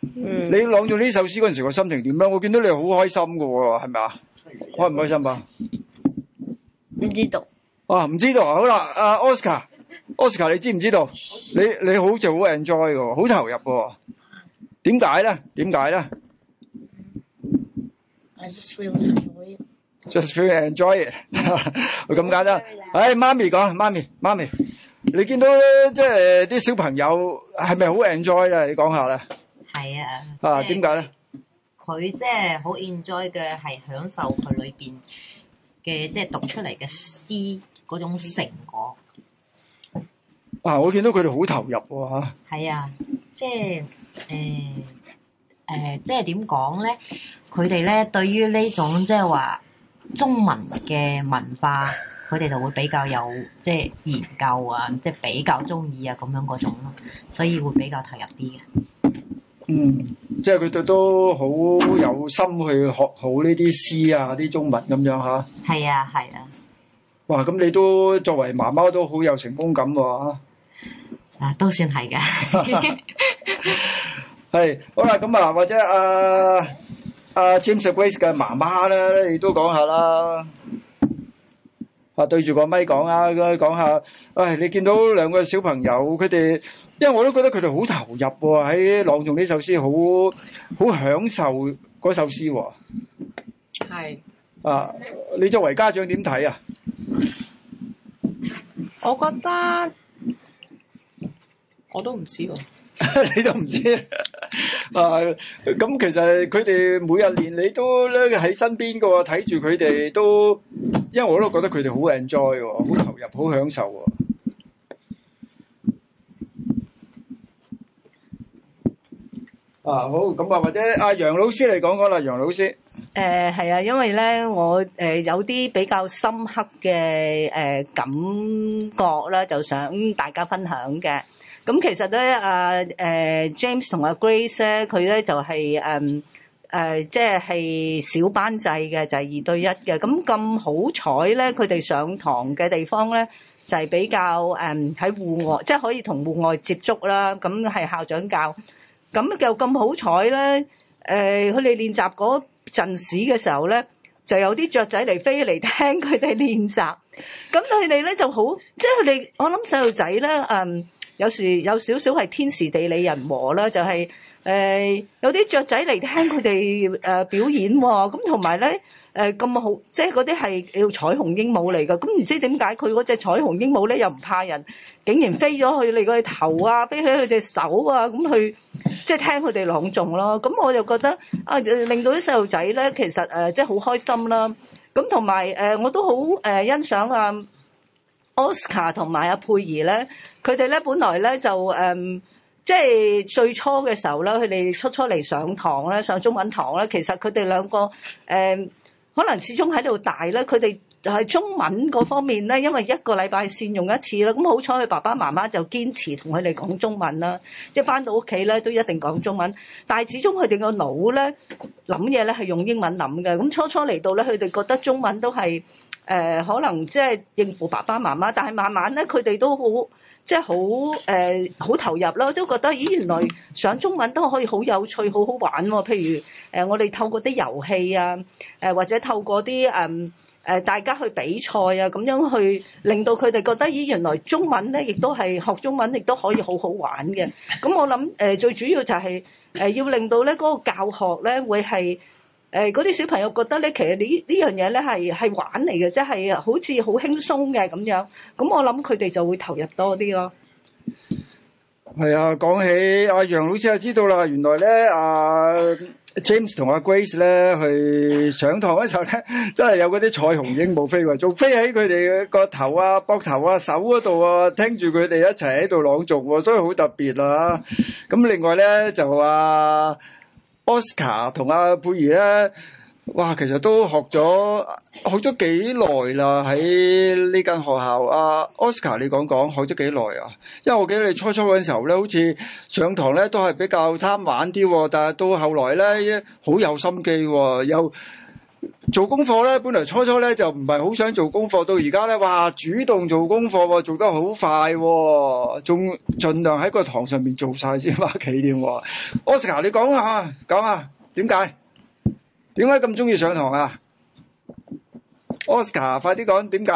嗯，你朗咗呢首詩嗰陣時，個心情點樣？我見到你好開心噶，係咪啊？開唔開心啊？唔知道啊，唔知道。好啦，阿、啊、Oscar，Oscar，你知唔知道？你你好似好 enjoy 噶，好投入噶。點解咧？點解咧？I just feel enjoy it，Just feel enjoy it，咁 簡單。哎，媽咪講，媽咪，媽咪，你見到即係啲、呃、小朋友係咪好 enjoy 啊？你講下啦。係啊！啊、就是，點解咧？佢即係好 enjoy 嘅，係享受佢裏邊嘅即係讀出嚟嘅詩嗰種成果。啊！我見到佢哋好投入喎吓。係啊，即係誒誒，即係點講咧？佢哋咧對於呢種即係話中文嘅文化，佢哋就會比較有即係、就是、研究啊，即、就、係、是、比較中意啊，咁樣嗰種咯、啊，所以會比較投入啲嘅。嗯，即係佢哋都好有心去學好呢啲詩啊，啲中文咁樣吓。係啊，係啊，啊。哇，咁你都作為媽媽都好有成功感喎、啊。嗱、啊，都算係㗎！係， 好啦，咁啊或者阿、啊、阿、啊、James Grace 嘅媽媽咧，你都講下啦。啊，對住個咪講啊，講下，唉，你見到兩個小朋友，佢哋，因為我都覺得佢哋好投入喎，喺朗誦呢首詩，好，好享受嗰首詩喎。係。啊，你作為家長點睇啊？我覺得，我都唔知喎。 你都唔知啊！咁其實佢哋每日連你都咧喺身邊噶喎，睇住佢哋都，因為我都覺得佢哋好 enjoy，好投入，好享受。啊，好咁啊，或者阿楊老師嚟，講講啦，楊老師。誒、呃，係啊，因為咧，我誒、呃、有啲比較深刻嘅誒、呃、感覺咧，就想大家分享嘅。咁其實咧，阿誒 James 同阿 Grace 咧，佢咧就係誒誒，即係小班制嘅，就係二對一嘅。咁咁好彩咧，佢哋上堂嘅地方咧就係比較誒喺戶外，即係可以同戶外接觸啦。咁係校長教，咁又咁好彩咧。誒，佢哋練習嗰陣時嘅時候咧，就有啲雀仔嚟飛嚟聽佢哋練習。咁佢哋咧就好，即係佢哋我諗細路仔咧，嗯。有時有少少係天時地利人和啦，就係誒有啲雀仔嚟聽佢哋誒表演喎，咁同埋咧誒咁好，即係嗰啲係叫彩虹鸚鵡嚟㗎，咁唔知點解佢嗰隻彩虹鸚鵡咧又唔怕人，竟然飛咗去你個頭啊，飛起佢隻手啊，咁去即係聽佢哋朗誦咯。咁我就覺得啊，令到啲細路仔咧其實誒即係好開心啦。咁同埋誒我都好誒欣賞啊！Oscar 同埋阿沛儀咧，佢哋咧本來咧就誒，即、嗯、係、就是、最初嘅時候咧，佢哋初初嚟上堂咧，上中文堂咧，其實佢哋兩個誒、嗯，可能始終喺度大咧，佢哋係中文嗰方面咧，因為一個禮拜先用一次啦，咁好彩佢爸爸媽媽就堅持同佢哋講中文啦，即係翻到屋企咧都一定講中文，但係始終佢哋個腦咧諗嘢咧係用英文諗嘅，咁初初嚟到咧，佢哋覺得中文都係。誒、呃、可能即係應付爸爸媽媽，但係慢慢咧，佢哋都好即係好好投入咯，即係覺得咦，原來上中文都可以好有趣、好好玩喎、哦。譬如我哋透過啲遊戲啊，或者透過啲、呃、大家去比賽啊，咁樣去令到佢哋覺得咦，原來中文咧亦都係學中文亦都可以好好玩嘅。咁我諗最主要就係要令到咧個教學咧會係。誒嗰啲小朋友覺得咧，其實呢呢樣嘢咧係玩嚟嘅，即係好似好輕鬆嘅咁樣。咁我諗佢哋就會投入多啲咯。係啊，講起阿楊、啊、老師就知道啦。原來咧，阿、啊、James 同阿、啊、Grace 咧去上堂嗰時候咧，真係有嗰啲彩虹鸚鵡飛過嚟，仲飛喺佢哋個頭啊、膊頭啊、手嗰度啊，聽住佢哋一齊喺度朗誦喎，所以好特別啊。咁另外咧就話、啊。Oscar 同阿沛儀咧，哇，其實都學咗學咗幾耐啦喺呢間學校、啊。Oscar 你講講學咗幾耐啊？因為我記得你初初嗰陣時候咧，好似上堂咧都係比較貪玩啲、哦，但係到後來咧好有心機、哦，有。做功課咧，本來初初咧就唔係好想做功課，到而家咧，哇，主動做功課，做得好快，仲盡量喺個堂上面做晒先嘛，起點。Oscar，你講下，講下，點解？點解咁中意上堂啊？Oscar，快啲講，點解？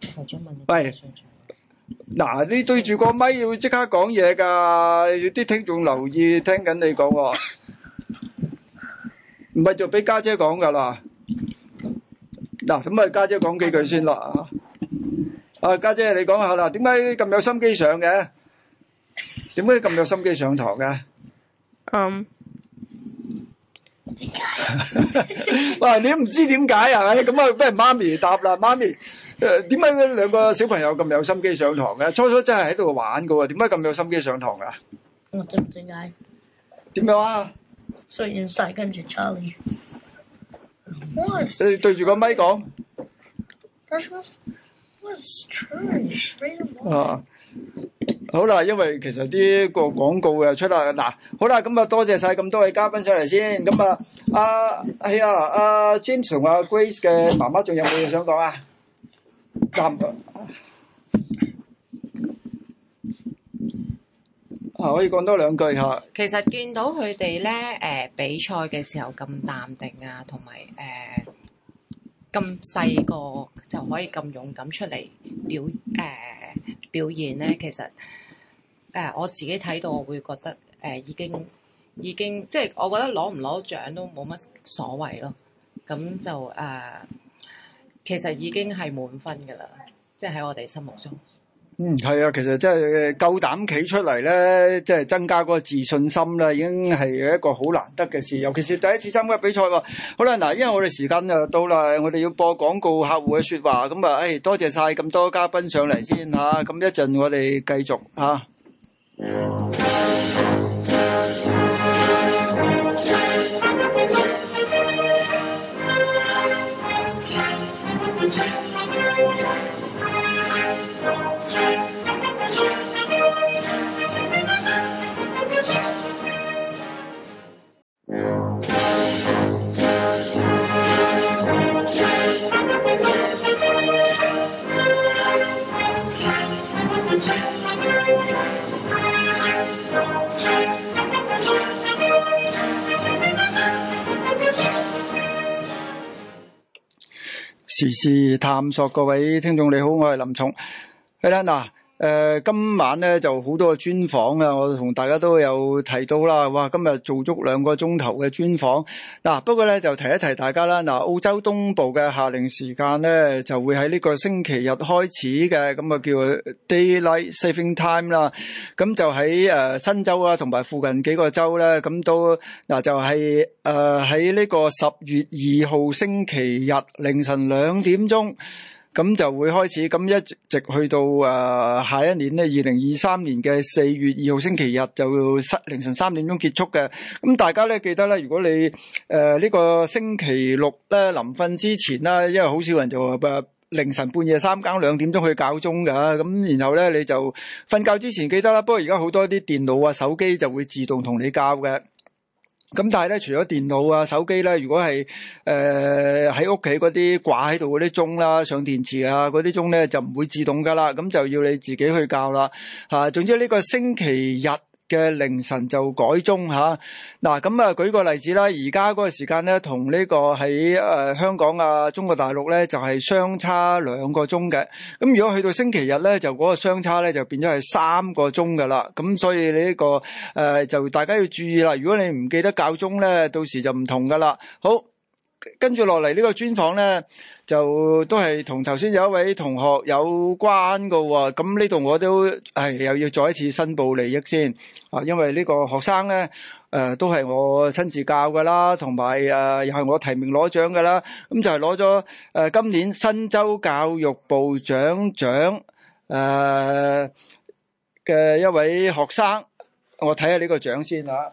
台長問你。喂，嗱，你對住個咪要即刻講嘢噶，有啲聽眾留意，聽緊你講喎。唔係就俾家姐講噶啦，嗱咁啊家姐講幾句先啦，啊家姐你講下啦，點解咁有心機上嘅？點解咁有心機上堂嘅？嗯，點解？哇你都唔知點解係咪？咁啊不如媽咪答啦，媽咪，誒點解兩個小朋友咁有心機上堂嘅？初初真係喺度玩噶喎，點解咁有心機上堂噶？我知唔知點解？點樣啊？衰完曬，跟住 Charlie。對對住個麥講。啊，好啦，因為其實呢個廣告又出啦。嗱，好啦，咁啊，多謝曬咁多位嘉賓上嚟先。咁啊，啊，係啊，啊，James 同 Grace 嘅媽媽，仲有冇嘢想講啊？冧。可以講多兩句嚇。其實見到佢哋咧，誒、呃、比賽嘅時候咁淡定啊，同埋誒咁細個就可以咁勇敢出嚟表誒、呃、表現咧，其實誒、呃、我自己睇到，我會覺得誒、呃、已經已經即係，我覺得攞唔攞獎都冇乜所謂咯。咁就誒、呃，其實已經係滿分㗎喇，即係喺我哋心目中。嗯，係啊，其實真係夠膽企出嚟咧，即係增加嗰個自信心咧，已經係一個好難得嘅事。尤其是第一次參加比賽喎。好啦，嗱，因為我哋時間就到啦，我哋要播廣告，客戶嘅說話。咁啊，誒，多謝晒咁多嘉賓上嚟先吓。咁一陣我哋繼續吓。啊時事探索，各位聽眾你好，我係林松。啦，嗱。誒今晚咧就好多嘅專訪啊，我同大家都有提到啦。哇，今日做足兩個鐘頭嘅專訪嗱，不過咧就提一提大家啦。嗱，澳洲東部嘅夏令時間咧就會喺呢個星期日開始嘅，咁啊叫 Daylight Saving Time 啦。咁就喺誒新州啦，同埋附近幾個州咧，咁都嗱就係誒喺呢個十月二號星期日凌晨兩點鐘。咁就會開始，咁一直去到誒、呃、下一年咧，二零二三年嘅四月二號星期日就要凌晨三點鐘結束嘅。咁大家咧記得啦，如果你誒呢、呃，呢個星期六咧臨瞓之前啦，因為好少人就話誒、呃、凌晨半夜三更兩點鐘去教鐘噶，咁然後咧你就瞓覺之前記得啦。不過而家好多啲電腦啊、手機就會自動同你教嘅。咁但係咧，除咗電腦啊、手機咧，如果係誒喺屋企嗰啲掛喺度嗰啲鐘啦、上電池啊嗰啲鐘咧，就唔會自動噶啦，咁就要你自己去校啦。吓、啊，總之呢個星期日嘅凌晨就改鐘嚇，嗱咁啊舉個例子啦，而家嗰個時間咧同呢個喺誒、呃、香港啊中國大陸咧就係、是、相差兩個鐘嘅，咁如果去到星期日咧就嗰個相差咧就變咗係三個鐘噶啦，咁所以呢、這個誒、呃、就大家要注意啦，如果你唔記得較鐘咧，到時就唔同噶啦，好。跟住落嚟呢個專訪呢，就都係同頭先有一位同學有關噶，哦。咁呢度我都係、哎、又要再一次申報利益先啊，因為呢個學生呢，誒、呃、都係我親自教噶啦，同埋誒又係我提名攞獎噶啦。咁就係攞咗誒今年新州教育部長獎誒嘅、呃、一位學生。我睇下呢個獎先吓。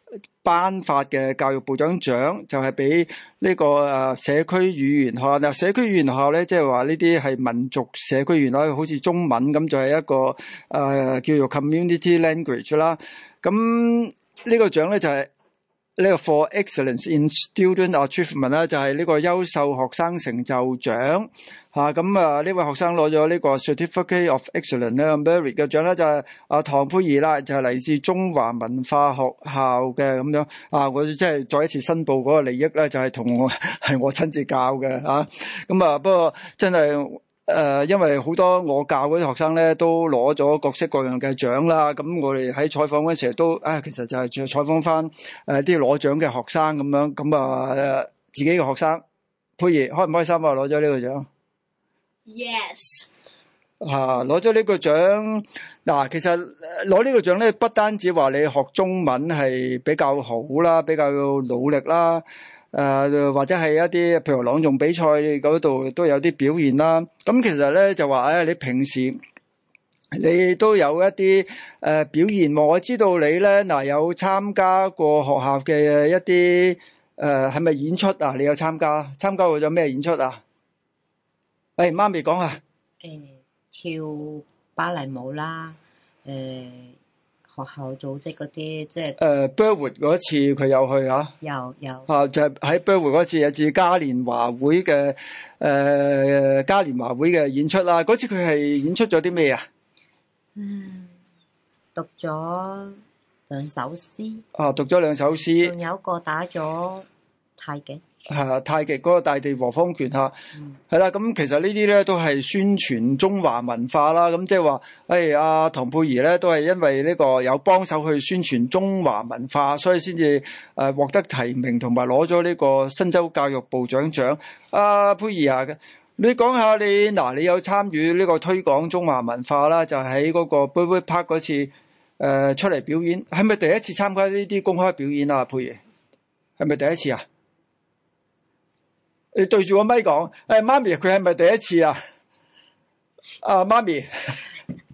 頒發嘅教育部長獎就係俾呢個誒社區語言學校，社區語言學校咧，即係話呢啲係民族社區語言，好似中文咁，就係一個誒叫做 community language 啦。咁呢個獎咧就係、是。呢、這個 For Excellence in Student Achievement 咧，就係呢個優秀學生成就獎嚇。咁啊，呢位學生攞咗呢個 Certificate of Excellence 咧 Merit 嘅獎咧，就係、是啊、唐佩怡啦，就係、是、嚟自中華文化學校嘅咁樣啊。我即係再一次申報嗰個利益咧，就係同我係我親自教嘅咁啊，啊，不過真係。誒、uh，因為好多我教嗰啲學生咧，都攞咗各式各樣嘅獎啦。咁我哋喺採訪嗰陣時候都，都、哎呃啊，啊，yes. uh, 啊，其實就係採訪翻誒啲攞獎嘅學生咁樣。咁啊，自己嘅學生，沛儀開唔開心啊？攞咗呢個獎？Yes。嚇，攞咗呢個獎。嗱，其實攞呢個獎咧，不單止話你學中文係比較好啦，比較要努力啦。誒、呃，或者係一啲，譬如朗誦比賽嗰度都有啲表現啦。咁其實咧就話咧，你平時你都有一啲，誒、呃、表現。我知道你咧嗱、呃、有參加過學校嘅一啲誒係咪演出啊？你有參加？參加過咗咩演出啊？誒、欸，媽咪講下，誒、嗯，跳芭蕾舞啦，誒、嗯。學校組織嗰啲即係誒、uh, Burwood 嗰次佢有去啊？有有嚇、uh, 就係喺 Burwood 嗰次有一次嘉年華會嘅誒、uh、嘉年華會嘅演出啦、啊。嗰次佢係演出咗啲咩啊？嗯，讀咗兩首詩啊，讀咗兩首詩，仲、啊、有一個打咗太極。係啊！太極嗰個大地和方拳嚇，啦、嗯。咁其實呢啲咧都係宣傳中華文化啦。咁即係話，誒、哎、阿、啊、唐沛儀咧都係因為呢個有幫手去宣傳中華文化，所以先至誒獲得提名同埋攞咗呢個新州教育部長獎。阿、啊、沛儀啊，你講下你嗱、啊，你有參與呢個推廣中華文化啦，就喺嗰個 Baby Park 嗰次誒、呃、出嚟表演，係咪第一次參加呢啲公開表演啊？沛儀，係咪第一次啊？你對住我咪講，誒、欸，媽咪，佢係咪第一次啊？啊，媽咪，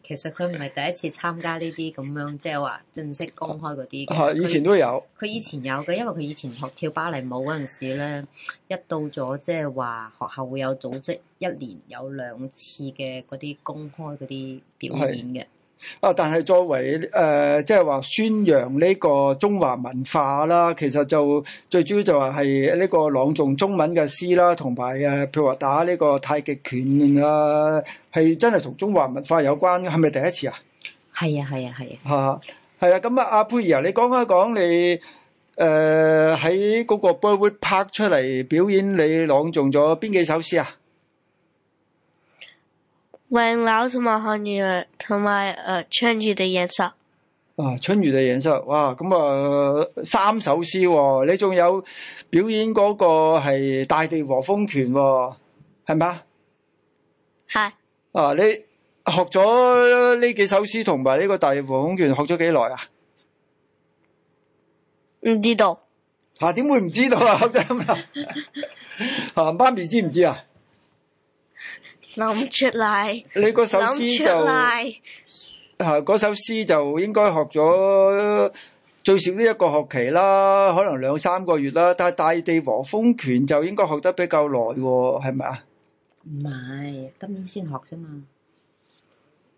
其實佢唔係第一次參加呢啲咁樣，即係話正式公開嗰啲。啊，以前都有。佢以前有嘅，因為佢以前學跳芭蕾舞嗰陣時咧，一到咗即係話學校會有組織，一年有兩次嘅嗰啲公開嗰啲表演嘅。啊！但係作為誒，即係話宣揚呢個中華文化啦，其實就最主要就話係呢個朗誦中文嘅詩啦，同埋誒，譬如話打呢個太極拳啊，係、嗯、真係同中華文化有關嘅，係咪第一次啊？係啊，係啊，係啊！吓係啊，咁啊，阿、啊、沛儀啊，你講一講你誒喺嗰個 Burwood 拍出嚟，表演，你朗誦咗邊幾首詩啊？黃柳同埋看住，同埋誒，春雨，呃、嘅顏色。啊，春雨的顏色。哇，咁啊、呃，三首詩、喎。你仲有表演嗰個係大地和風拳、喎，係咪啊？係。啊，你學咗呢幾首詩同埋呢個大地和風拳，學咗幾耐啊？唔知道。吓、啊，點會唔知道啊？媽、 啊、咪知唔知啊？諗出嚟，諗出嚟，吓嗰首詩就應該學咗最少呢一個學期啦，可能兩三個月啦。但係大地和風拳就應該學得比較耐喎，係咪啊？唔係，今年先學啫嘛。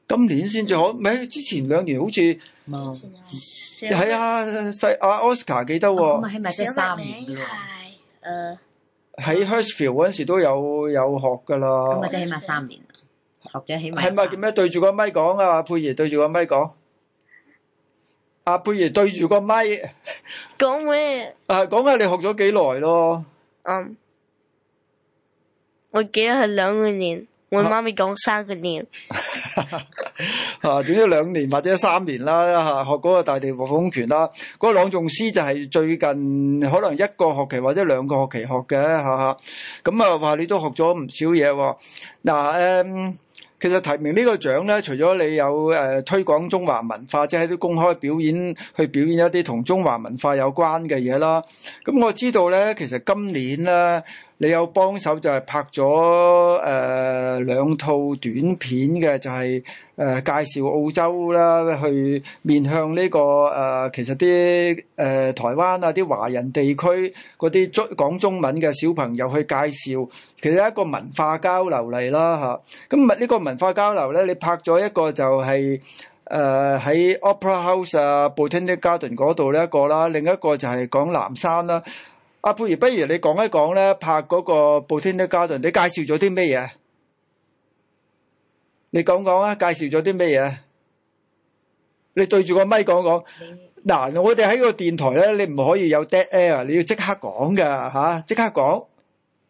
今年先至學，唔係，之前兩年好似，係啊，細阿 Oscar 記得係咪三年。喺 Hersfield 嗰陣時都有有學噶啦，咁我即係起碼三,三年，學咗起碼。係咪叫咩？對住個麥講啊，阿沛儀對住個麥講，阿沛儀對住個麥講咩？啊，講下、 啊、你學咗幾耐咯？嗯、um,，我記得係兩個年。我媽咪講三個年，吓，總之兩年或者三年啦，吓，學嗰個大地護風拳啦，嗰、嗰個朗誦詩就係最近可能一個學期或者兩個學期學嘅，吓吓，咁啊話你都學咗唔少嘢。嗱，誒，其實提名呢個獎咧，除咗你有誒推廣中華文化，即係啲公開表演去表演一啲同中華文化有關嘅嘢啦，咁我知道咧，其實今年咧。你有幫手就係拍咗誒、呃、兩套短片嘅，就係、是、誒、呃、介紹澳洲啦，去面向呢、這個誒、呃、其實啲誒、呃、台灣啊啲華人地區嗰啲講中文嘅小朋友去介紹，其實一個文化交流嚟啦，吓，咁呢個文化交流咧，你拍咗一個就係誒喺 Opera House 啊，Botanic Garden 嗰度呢一個啦，另一個就係講藍山啦。阿沛儀，不如你講一講咧，拍嗰個《Botanic Garden》你介紹咗啲咩嘢？你講講啊，介紹咗啲咩嘢？你對住個咪講講。嗱、嗯，我哋喺個電台咧，你唔可以有 dead air，你要即刻講噶吓，即、啊、刻講。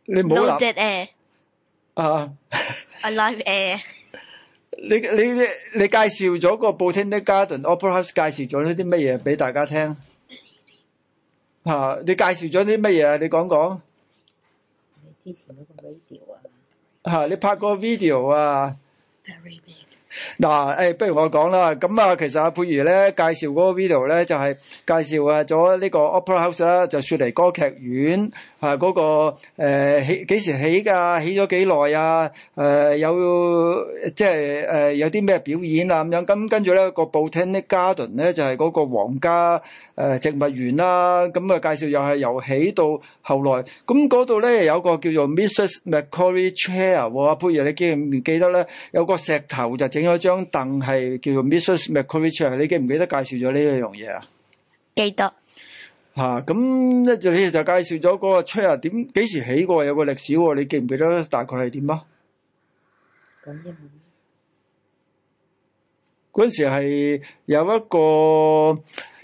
你唔好諗。no dead air。啊。alive air 你。你你你介紹咗個《Botanic Garden》，Opera House 介紹咗啲咩嘢俾大家聽？嚇、啊！你介紹咗啲乜嘢啊？你講講。你之前嗰個 video 啊。嚇、啊！你拍過 video 啊？Very 嗱、啊，誒、欸，不如我講啦。咁啊，其實阿沛儀咧介紹嗰個 video 咧，就係、是、介紹啊，咗呢個 Opera House 啦，就雪梨歌劇院。啊，嗰、那個、呃、起幾時起㗎？起咗幾耐啊？誒、呃、有即係誒、呃、有啲咩表演啊咁樣。咁跟住咧、那個 Botanic Garden 咧就係、是、嗰個皇家誒、呃、植物園啦、啊。咁、那、啊、個、介紹又係由起到後來。咁嗰度咧有個叫做 Mrs. Macquarie Chair，啊、哦。不 Pu 你記唔記得咧？有個石頭就整咗張凳係叫做 Mrs. Macquarie Chair，你記唔記得介紹咗呢一樣嘢啊？記得。咁咧就就介紹咗嗰個 tray，點幾時起過有個歷史喎？你記唔記得大概係點啊？嗰、嗯、陣時係有一個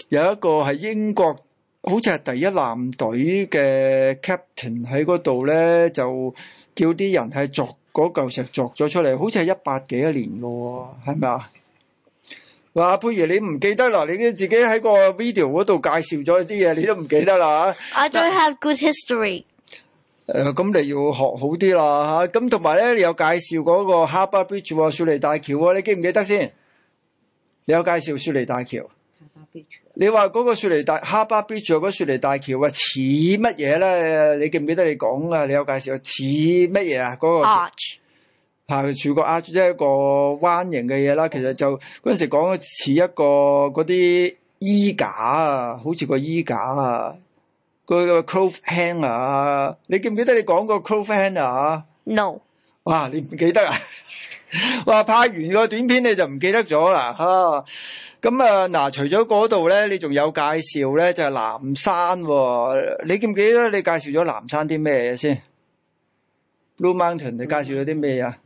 有一個係英國，好似係第一艦隊嘅 captain 喺嗰度咧，就叫啲人係鑿嗰嚿石鑿咗出嚟，好似係一百幾年喎，係咪啊？嗱，沛儀你唔記得啦，你啲自己喺個 video 嗰度介紹咗啲嘢，你都唔記得啦。I don't have good history。誒、呃，咁你要學好啲啦吓，咁同埋咧你有介紹嗰個哈巴 bridge 啊，雪梨大橋啊，你記唔記得先？你有介紹雪梨大橋。你話嗰個雪梨大哈巴 bridge 嗰雪梨大橋啊，似乜嘢咧？你記唔記得你講啊？你有介紹似乜嘢啊？嗰、那個。Arch. 吓，柱個啊，即係、啊就是，一個彎形嘅嘢啦。其實就嗰陣時講似一個嗰啲衣架啊，好似個衣架啊，個 cloth hand 啊。你記唔記得你講個 cloth hand 啊？No。哇，你唔記得啊？ 哇，拍完個短片你就唔記得咗啦，吓。咁啊，嗱、啊啊啊，除咗嗰度咧，你仲有介紹咧，就係、是、南山、啊。你記唔記得你介紹咗南山啲咩嘢先？Blue Mountain，你介紹咗啲咩啊？Mm-hmm.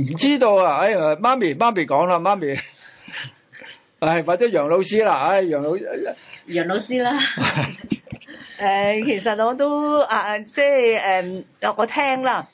唔知道啊！哎呀，媽咪，媽咪講啦，媽咪，哎或者楊老師啦，哎，楊老，楊、哎、老師啦。誒、哎 呃，其實我都啊、呃，即係誒、呃，我聽啦，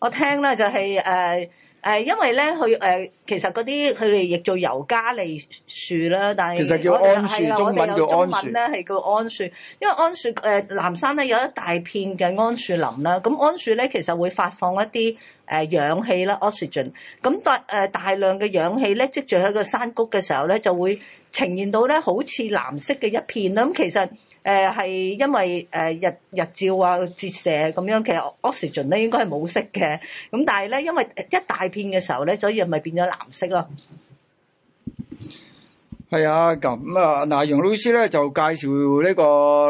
我聽啦、就是，就係誒。誒，因為咧，佢誒，其實嗰啲佢哋亦做油加利樹啦，但係我哋，其實叫桉樹啦，我哋有中文咧係叫桉樹，因為桉樹誒，南山咧有一大片嘅桉樹林啦，咁桉樹咧其實會發放一啲誒氧氣啦，oxygen，咁大誒大量嘅氧氣咧積聚喺個山谷嘅時候咧，就會呈現到咧好似藍色嘅一片啦，咁其實。誒、呃、係因為誒日日照啊，折射咁樣，其實 oxygen 咧應該係冇色嘅。咁但係咧，因為一大片嘅時候咧，所以咪變咗藍色咯。係啊，咁啊，嗱，楊老師咧就介紹呢個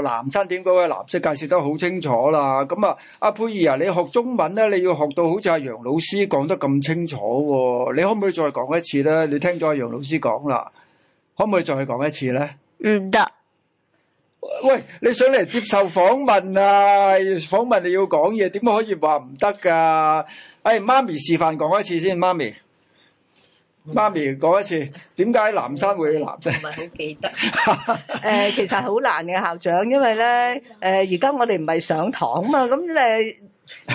藍山點嗰個藍色，介紹得好清楚啦。咁啊，阿沛儀啊，你學中文咧，你要學到好似阿楊老師講得咁清楚喎、哦。你可唔可以再講一次咧？你聽咗阿楊老師講啦，可唔可以再去講一次咧？唔、嗯、得。喂，你想嚟接受訪問啊？訪問你要講嘢，點可以話唔得噶？誒，媽咪示範講一次先，媽咪，媽咪講一次，點解南山會去南山？唔係好記得誒，其實好難嘅，校長，因為咧誒，而家我哋唔係上堂啊嘛，咁誒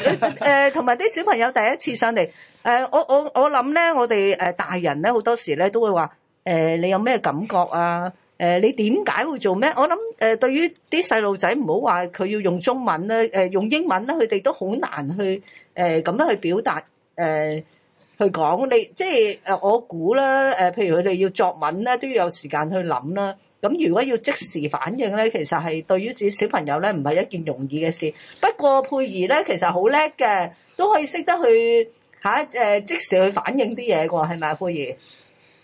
誒，同埋啲小朋友第一次上嚟誒，我我我諗咧，我哋誒大人咧，好多時咧都會話誒，你有咩感覺啊？誒你點解會做咩？我諗誒對於啲細路仔唔好話佢要用中文啦，誒用英文啦，佢哋都好難去誒咁樣、呃、去表達誒、呃、去講你，即係誒我估啦誒，譬如佢哋要作文咧，都要有時間去諗啦。咁如果要即時反應咧，其實係對於自己小朋友咧，唔係一件容易嘅事。不過沛儀咧其實好叻嘅，都可以識得去嚇誒、啊、即時去反應啲嘢嘅喎，係咪啊，沛儀？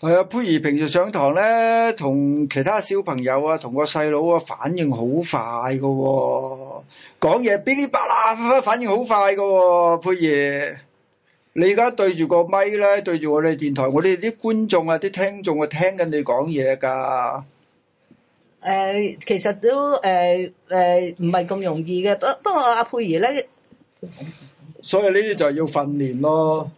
係、哎、啊，沛儀平時上堂咧，同其他小朋友啊，同個細佬啊，反應好快噶，講嘢噼哩啪啦，反應好快噶。沛儀，你而家對住個咪咧，對住我哋電台，我哋啲觀眾啊，啲聽眾啊，聽緊你講嘢噶。其實都誒誒唔係咁容易嘅。不不過阿沛儀咧，所以呢啲就係要訓練咯。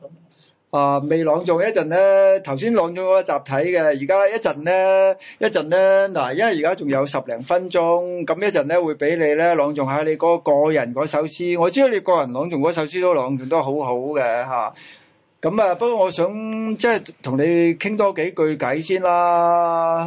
啊，未朗誦一陣咧，頭先朗誦嗰個集體嘅，而家一陣咧，一陣咧，嗱，因為而家仲有十零分鐘，咁一陣咧會俾你咧朗誦下你個個人嗰首詩。我知道你個人朗誦嗰首詩都朗誦得好好嘅吓，咁啊，啊，不過我想即係同你傾多幾句偈先啦。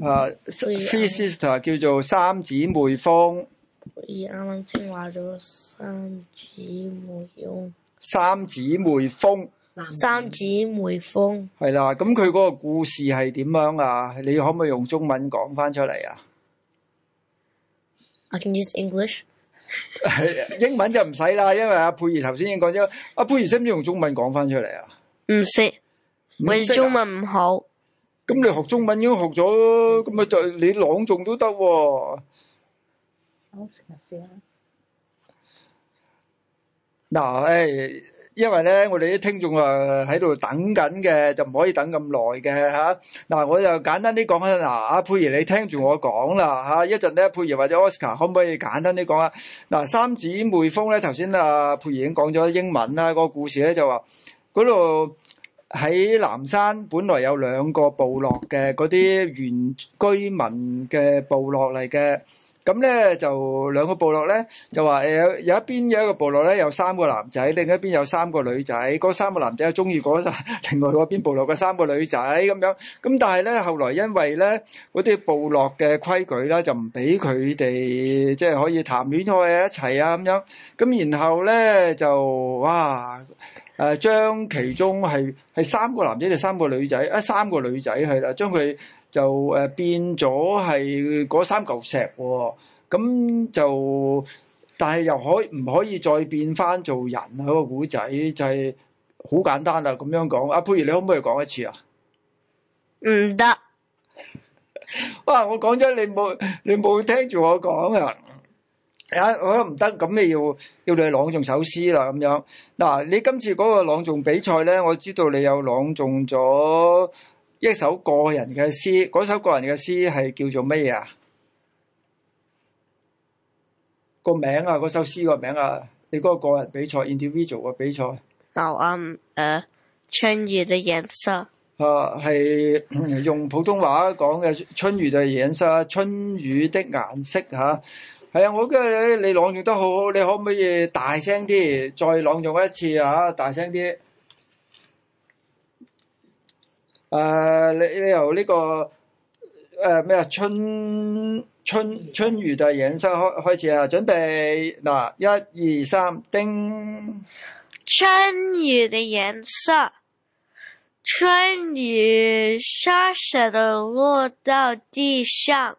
啊、uh,，three sister、uh, 叫做三姊妹峰。沛儀啱啱先話咗三姊妹峰。三姊妹峰。三姊妹峰。係啦，咁佢嗰個故事係點樣啊？你可唔可以用中文講翻出嚟啊？I can use English。 係 英文就唔使啦，因為阿沛儀頭先已經講咗。阿、啊、沛儀識唔識用中文講翻出嚟啊？唔識，我哋中文唔好。咁你學中文已經學咗，咁咪就你朗誦都得喎。Oscar 先，嗱，誒，因為咧，我哋啲聽眾啊喺度等緊嘅，就唔可以等咁耐嘅嚇。嗱，我就簡單啲講啦。嗱，阿沛儀，你聽住我講啦嚇。一陣咧，沛儀或者 Oscar，可唔可以簡單啲講啊？嗱，三姊妹峯咧，頭先阿沛儀已經講咗英文啦，個故事咧就話嗰度。喺南山本來有兩個部落嘅嗰啲原居民嘅部落嚟嘅，咁咧就兩個部落咧就話誒有有一邊有一個部落咧有三個男仔，另一邊有三個女仔，嗰三個男仔又中意嗰另外嗰邊部落嘅三個女仔咁樣，咁但係咧後來因為咧嗰啲部落嘅規矩咧，就唔俾佢哋即係可以談戀愛一齊啊咁樣，咁然後咧就哇～誒將其中係係三個男仔定三個女仔？啊，三個女仔係啦，將佢就誒變咗係嗰三嚿石喎。咁就但係又可唔可以再變翻做人啊？個古仔就係好簡單啦。咁樣講，阿沛儀你可唔可以講一次啊？唔得！哇！我講咗你冇你冇聽住我講啊！啊！我都唔得咁，你要要你朗誦首詩啦。咁樣嗱、啊，你今次嗰個朗誦比賽咧，我知道你有朗誦咗一首個人嘅詩。嗰首個人嘅詩係叫做咩啊？個名啊，嗰首詩個名啊，你嗰個個人比賽 individual 嘅比賽，牛啊，誒，春雨的顏色啊，係、mm. 用普通話講嘅春雨嘅顏色，春雨的顏色吓。啊係啊、 哎，我覺得你朗誦得好好，你可唔可以大聲啲再朗誦一次啊？大聲啲。誒、uh,，你你由呢、這個誒咩啊？春春春雨嘅顏色開開始啊！準備嗱，一二三，叮！春雨嘅顏色，春雨沙沙地落到地上。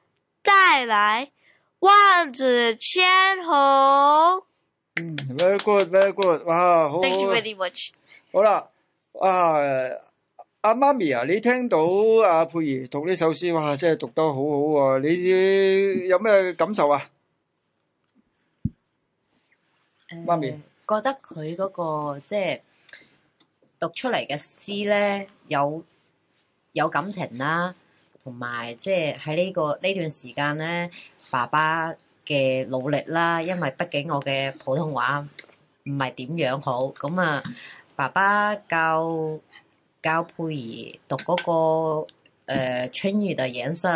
帶來萬紫千紅、嗯。嗯，very good，very good，哇，好，好。Thank you very much。好、啊、啦，哇、啊，阿、啊、媽咪啊，你聽到阿、啊、沛儀讀呢首詩，哇，真係讀得好好啊！你有咩感受啊？媽咪、嗯、覺得佢嗰、那個即係、就是、讀出嚟嘅詩咧，有有感情啦、啊。同埋即係喺呢個呢段時間咧，爸爸嘅努力啦，因為畢竟我嘅普通話唔係點樣好，咁啊，爸爸教教佩兒讀嗰、那個誒、呃《春雨的顏色》，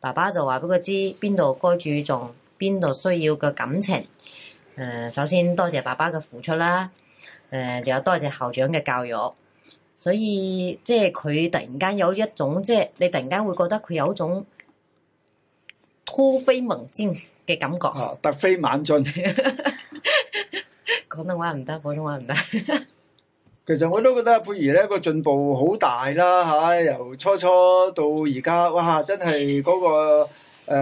爸爸就話俾佢知邊度該注重，邊度需要嘅感情。誒、呃，首先多謝爸爸嘅付出啦，誒、呃，仲有多謝校長嘅教育。所以即係佢突然間有一種即係你突然間會覺得佢有一種突飛猛戰嘅感覺。嚇，突飛猛進。廣東話唔得，普通話唔得。其實我都覺得阿沛儀咧個進步好大啦嚇，由初初到而家，哇！真係嗰個誒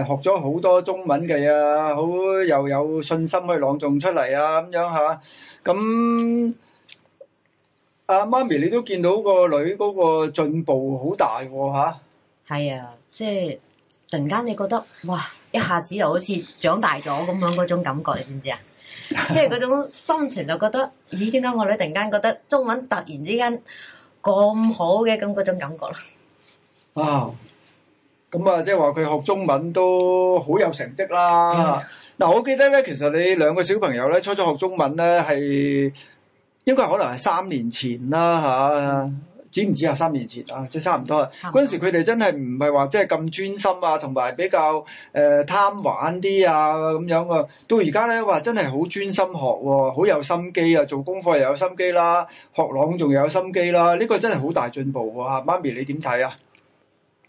學咗好多中文嘅嘢，好又有信心去朗誦出嚟啊咁樣嚇，咁。阿、啊、媽咪，你都見到個女嗰個進步好大喎、哦、嚇！係啊，即係、啊就是、突然間你覺得哇，一下子又好似長大咗咁樣嗰種感覺，你知唔知啊？即係嗰種心情就覺得，咦、欸？點解我女突然間覺得中文突然之間咁好嘅咁嗰種感覺咧？啊，咁、嗯、啊，即係話佢學中文都好有成績啦。嗱、啊啊，我記得咧，其實你兩個小朋友咧，初初學中文咧係。應該可能係三年前啦，吓、嗯，指唔指啊？三年前啊，即係差唔多啊。嗰陣時佢哋真係唔係話即係咁專心啊，同埋比較誒貪、呃、玩啲啊咁樣啊。到而家咧話真係好專心學，好有心機啊！做功課又有心機啦，學朗仲有心機啦。呢個真係好大進步啊！媽咪你點睇啊？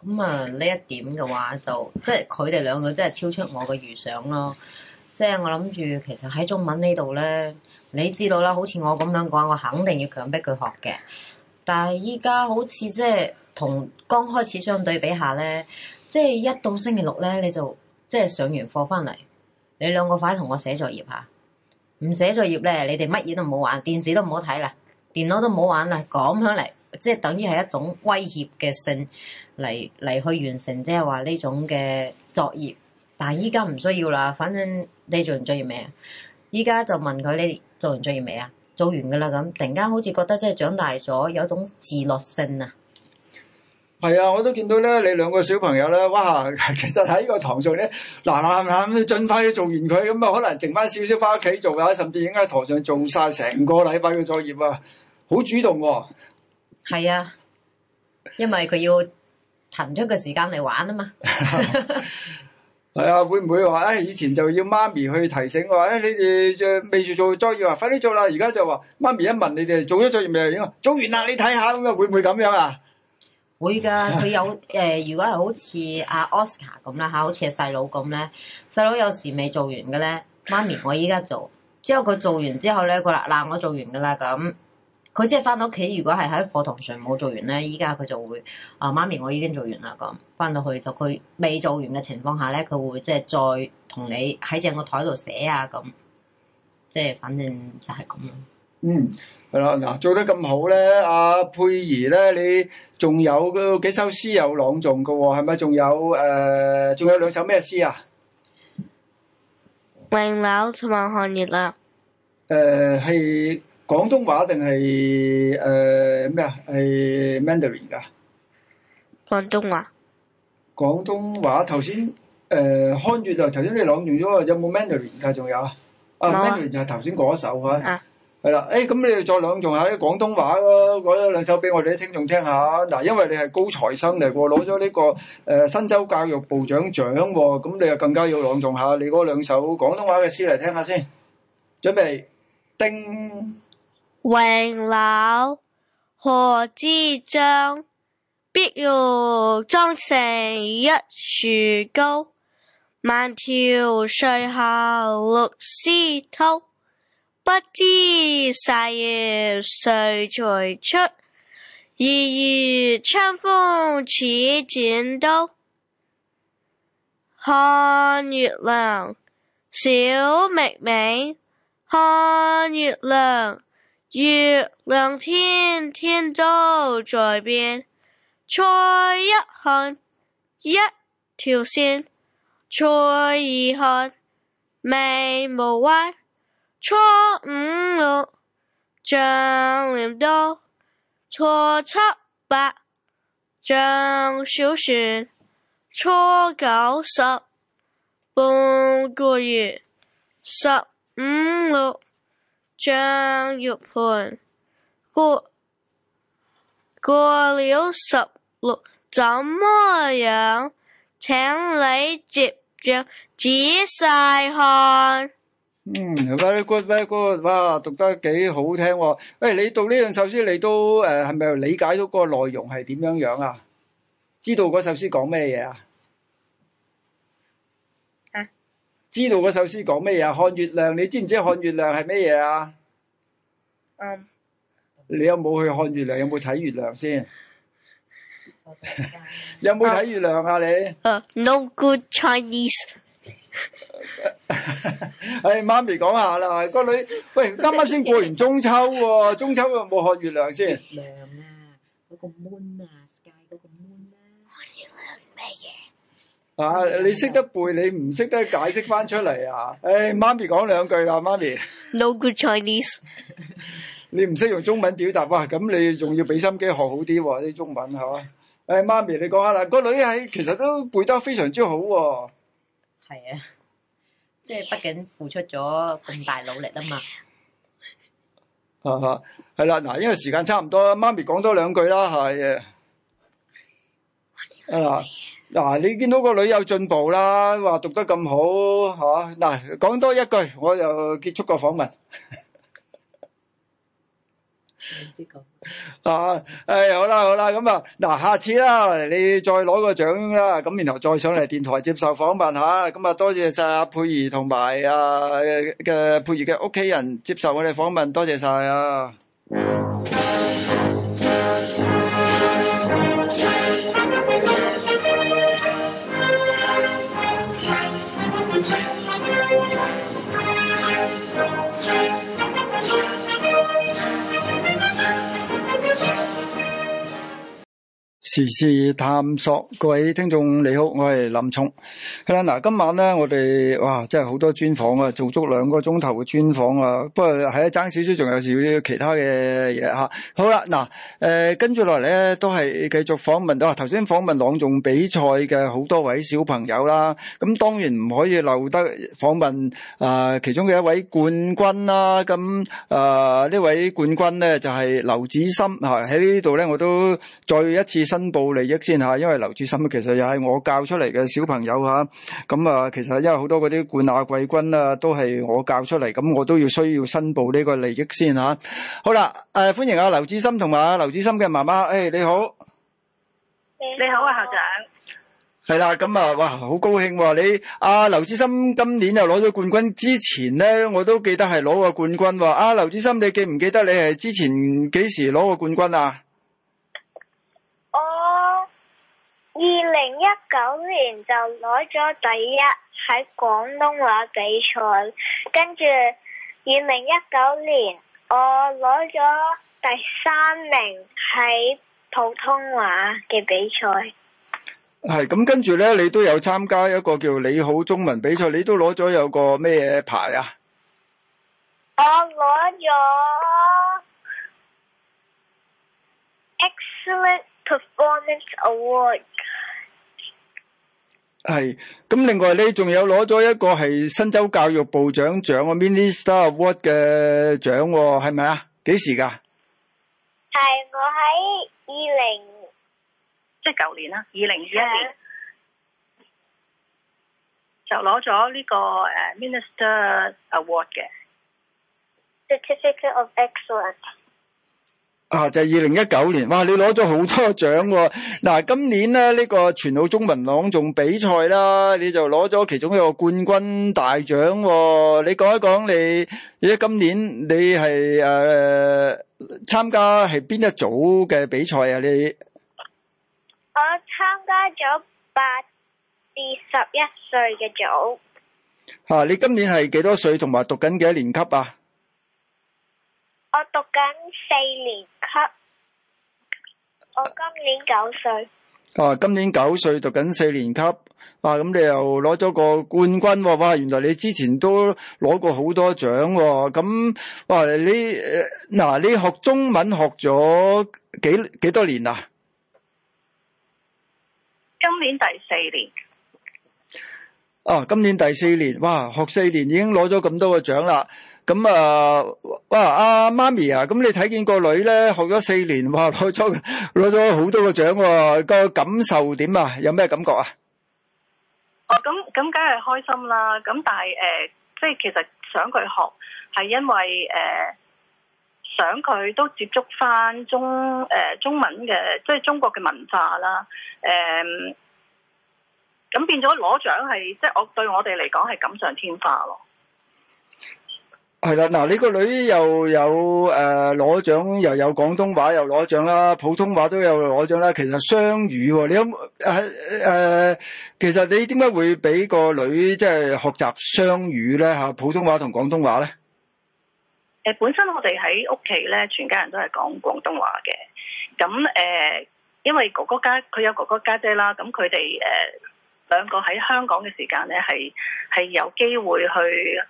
咁啊，呢一點嘅話就即係佢哋兩個真係超出我嘅預想咯。即係我諗住其實喺中文這裡呢度咧。你知道啦，好似我咁樣講，我肯定要強迫佢學嘅。但係依家好似即係同剛開始相對比下咧，即係一到星期六咧，你就即係上完課翻嚟，你兩個快同我寫作業吓。唔寫作業咧，你哋乜嘢都冇玩，電視都冇睇啦，電腦都冇玩啦，講響嚟即係等於係一種威脅嘅性嚟嚟去完成，即係話呢種嘅作業。但係依家唔需要啦，反正你做完作業咩啊？依家就問佢你。做完作業未啊？做完噶啦，咁突然間好似覺得即係長大咗，有種自律性啊！係啊，我都見到咧，你兩個小朋友咧，哇，其實喺呢個堂上咧，嗱嗱嗱咁，盡快要做完佢，咁啊，可能剩翻，少少翻屋企做啊，甚至應該喺堂上做晒成個禮拜嘅作業很啊，好主動喎！係啊，因為佢要騰出個時間嚟玩啊嘛。 係、哎、啊，會唔會話以前就要媽咪去提醒我話、哎、你哋做未做作業，快啲做啦！而家就話媽咪一問你哋做咗作業未做完啦，你睇下咁啊，會唔會咁樣啊？會噶，佢有誒， 如果係好似阿 Oscar 咁啦吓，好似細佬咁咧，細佬有時未做完嘅咧，媽咪，我依家做，之後佢做完之後咧，佢話嗱，我做完噶啦咁。佢即係翻到屋企，如果係喺課堂上冇做完咧，依家佢就會啊媽咪，我已經做完啦咁。翻到去就佢未做完嘅情況下咧，佢會即係再同你喺正個台度寫啊咁。即係反正就係咁樣嗯這是是、呃啊。嗯，係、嗯、啦，嗱做得咁好咧，阿佩兒咧，你仲有幾首詩有朗誦噶喎？係咪仲有誒？仲、呃、有兩首咩詩啊？《詠柳》，就尋晚》呃、《看月啦。誒，係。廣東話定係誒咩啊？係 mandarin 噶？廣東話。廣東話頭先誒，看住就頭先你朗誦咗，有冇 mandarin 噶？仲有啊？mandarin 就係頭先嗰一首啊，係啦。誒，咁你再朗誦下啲廣東話咯，嗰兩首俾我哋啲聽眾聽下嗱。因為你係高材生嚟，過攞咗呢個誒新州教育部長獎，咁你又更加要朗誦下你嗰兩首廣東話嘅詩嚟聽下先。準備，叮。詠柳，賀知章。碧玉妝成一樹高，萬條垂下綠絲絛。不知細葉誰裁出？二月春風似剪刀。看月亮，小明明，看月亮。月亮天天都在變，初一看一條線，初二看眉毛彎，初五六像鎌刀，初七八像小船，初九十半個月，十五六。張玉盤過過了十六，怎麼樣？請你接着仔細看。嗯，very good，very good，哇，讀得幾好聽啊。喂，你讀呢樣首詩，你都誒係咪理解到個內容係點樣樣啊？知道嗰首詩講咩嘢啊？知道嗰首詩講咩嘢啊？看月亮，你知唔知看月亮係咩嘢啊？嗯 。你有冇去看月亮？有冇睇月亮先？ 有冇睇月亮啊？你、uh,？No good Chinese， 哎。係媽咪講下啦，個女，喂，啱啱先過完中秋喎，啊， 中秋有冇看月亮先？啊，嗰個 moon 啊。啊！你識得背，你唔識得解釋翻出嚟啊！誒、哎，媽咪講兩句啦，媽咪。No good Chinese。 你唔識用中文表達，哇！咁你仲要俾心機學好啲喎、啊，啲中文係嘛？誒、啊，哎，媽咪你講下啦，個女係其實都背得非常之好。係啊，即係畢竟付出咗咁大努力啊嘛。啊，係、啊、啦，嗱、啊，因為時間差唔多啦，媽咪講多兩句啦，係、啊、誒，嗱、啊。嗱，你見到個女有進步啦，話讀得咁好，嚇！嗱，講多一句，我又結束個訪問。唔知講啊，誒，好啦好啦，咁啊嗱，下次啦，你再攞個獎啦，咁然後再上嚟電台接受訪問嚇，咁啊多謝晒阿沛儀同埋阿嘅沛儀嘅屋企人接受我哋訪問，多謝晒啊！時事探索，各位聽眾你好，我係林聰。係啦，嗱，今晚咧，我哋哇，真係好多專訪啊，做足兩個鐘頭嘅專訪啊，不過喺爭少少，仲有少少其他嘅嘢吓。好啦，嗱，誒，跟住落嚟咧，都係繼續訪問到啊，頭先訪問朗誦比賽嘅好多位小朋友啦。咁當然唔可以漏得訪問啊、呃，其中嘅一位冠軍啦。咁啊，呢、呃、位冠軍咧就係、是、劉祉心吓，喺、啊、呢度咧我都再一次新。申報利益先吓，因為劉祉心其實又係我教出嚟嘅小朋友吓，咁啊，其實因為好多嗰啲冠亞季軍啊，都係我教出嚟，咁我都要需要申報呢個利益先吓。好啦，誒，歡迎啊劉祉心同埋劉祉心嘅媽媽，誒，你好，你好啊校長，係啦，咁啊，哇，好高興喎，你阿劉祉心今年又攞咗冠軍，之前咧我都記得係攞個冠軍喎，阿劉祉心，你記唔記得你係之前幾時攞過冠軍啊？二零一九年就攞咗第一喺廣東話比賽，跟住二零一九年我攞咗第三名喺普通話嘅比賽。係咁，跟住咧，你都有參加一個叫你好中文比賽，你都攞咗有個咩牌啊？我攞咗 Excellent Performance Award。係，咁另外咧，仲有攞咗一個係新州教育部長獎嘅 Minister Award 嘅獎，係咪啊？幾時噶？係我喺二零，即係舊年啦，二零二一年就攞咗呢個誒 Minister Award 嘅 Certificate of Excellence。啊！就係二零一九年，哇！你攞咗好多獎喎。嗱，今年咧呢個全澳中文朗誦比賽啦，你就攞咗其中一個冠軍大獎喎。你講一講你，你今年你係誒參加係邊一組嘅比賽啊？你我參加咗八至十一歲嘅組。啊！你今年係幾多歲？同埋讀緊幾多年級啊？我讀緊四年。我今年九歲。啊，今年九歲讀緊四年級。啊，咁你又攞咗個冠軍。哇，原來你之前都攞過好多獎。咁、啊、哇、啊，你誒，嗱、啊，你學中文學咗幾幾多年啦？今年第四年。哦、啊，今年第四年。哇，學四年已經攞咗咁多個獎啦。咁啊，哇！阿媽咪啊，咁你睇見個女咧學咗四年，哇！攞咗攞咗好多個獎喎，個感受點啊？有咩感覺啊？哦，咁咁梗係開心啦！咁但係誒、呃，即係其實想佢學係因為誒、呃，想佢都接觸翻中誒、呃、中文嘅，即係中國嘅文化啦。誒、呃，咁變咗攞獎係即係我對我哋嚟講係錦上添花咯。係啦，嗱，你個女又有誒攞獎，又有廣東話又攞獎啦，普通話都有攞獎啦。其實雙語喎，你有誒誒，其實你點解會俾個女即係學習雙語咧？嚇，普通話同廣東話咧？誒，本身我哋喺屋企咧，全家人都係講廣東話嘅。咁誒，因為哥哥家佢有哥哥家姐啦，咁佢哋誒兩個喺香港嘅時間咧，係係有機會去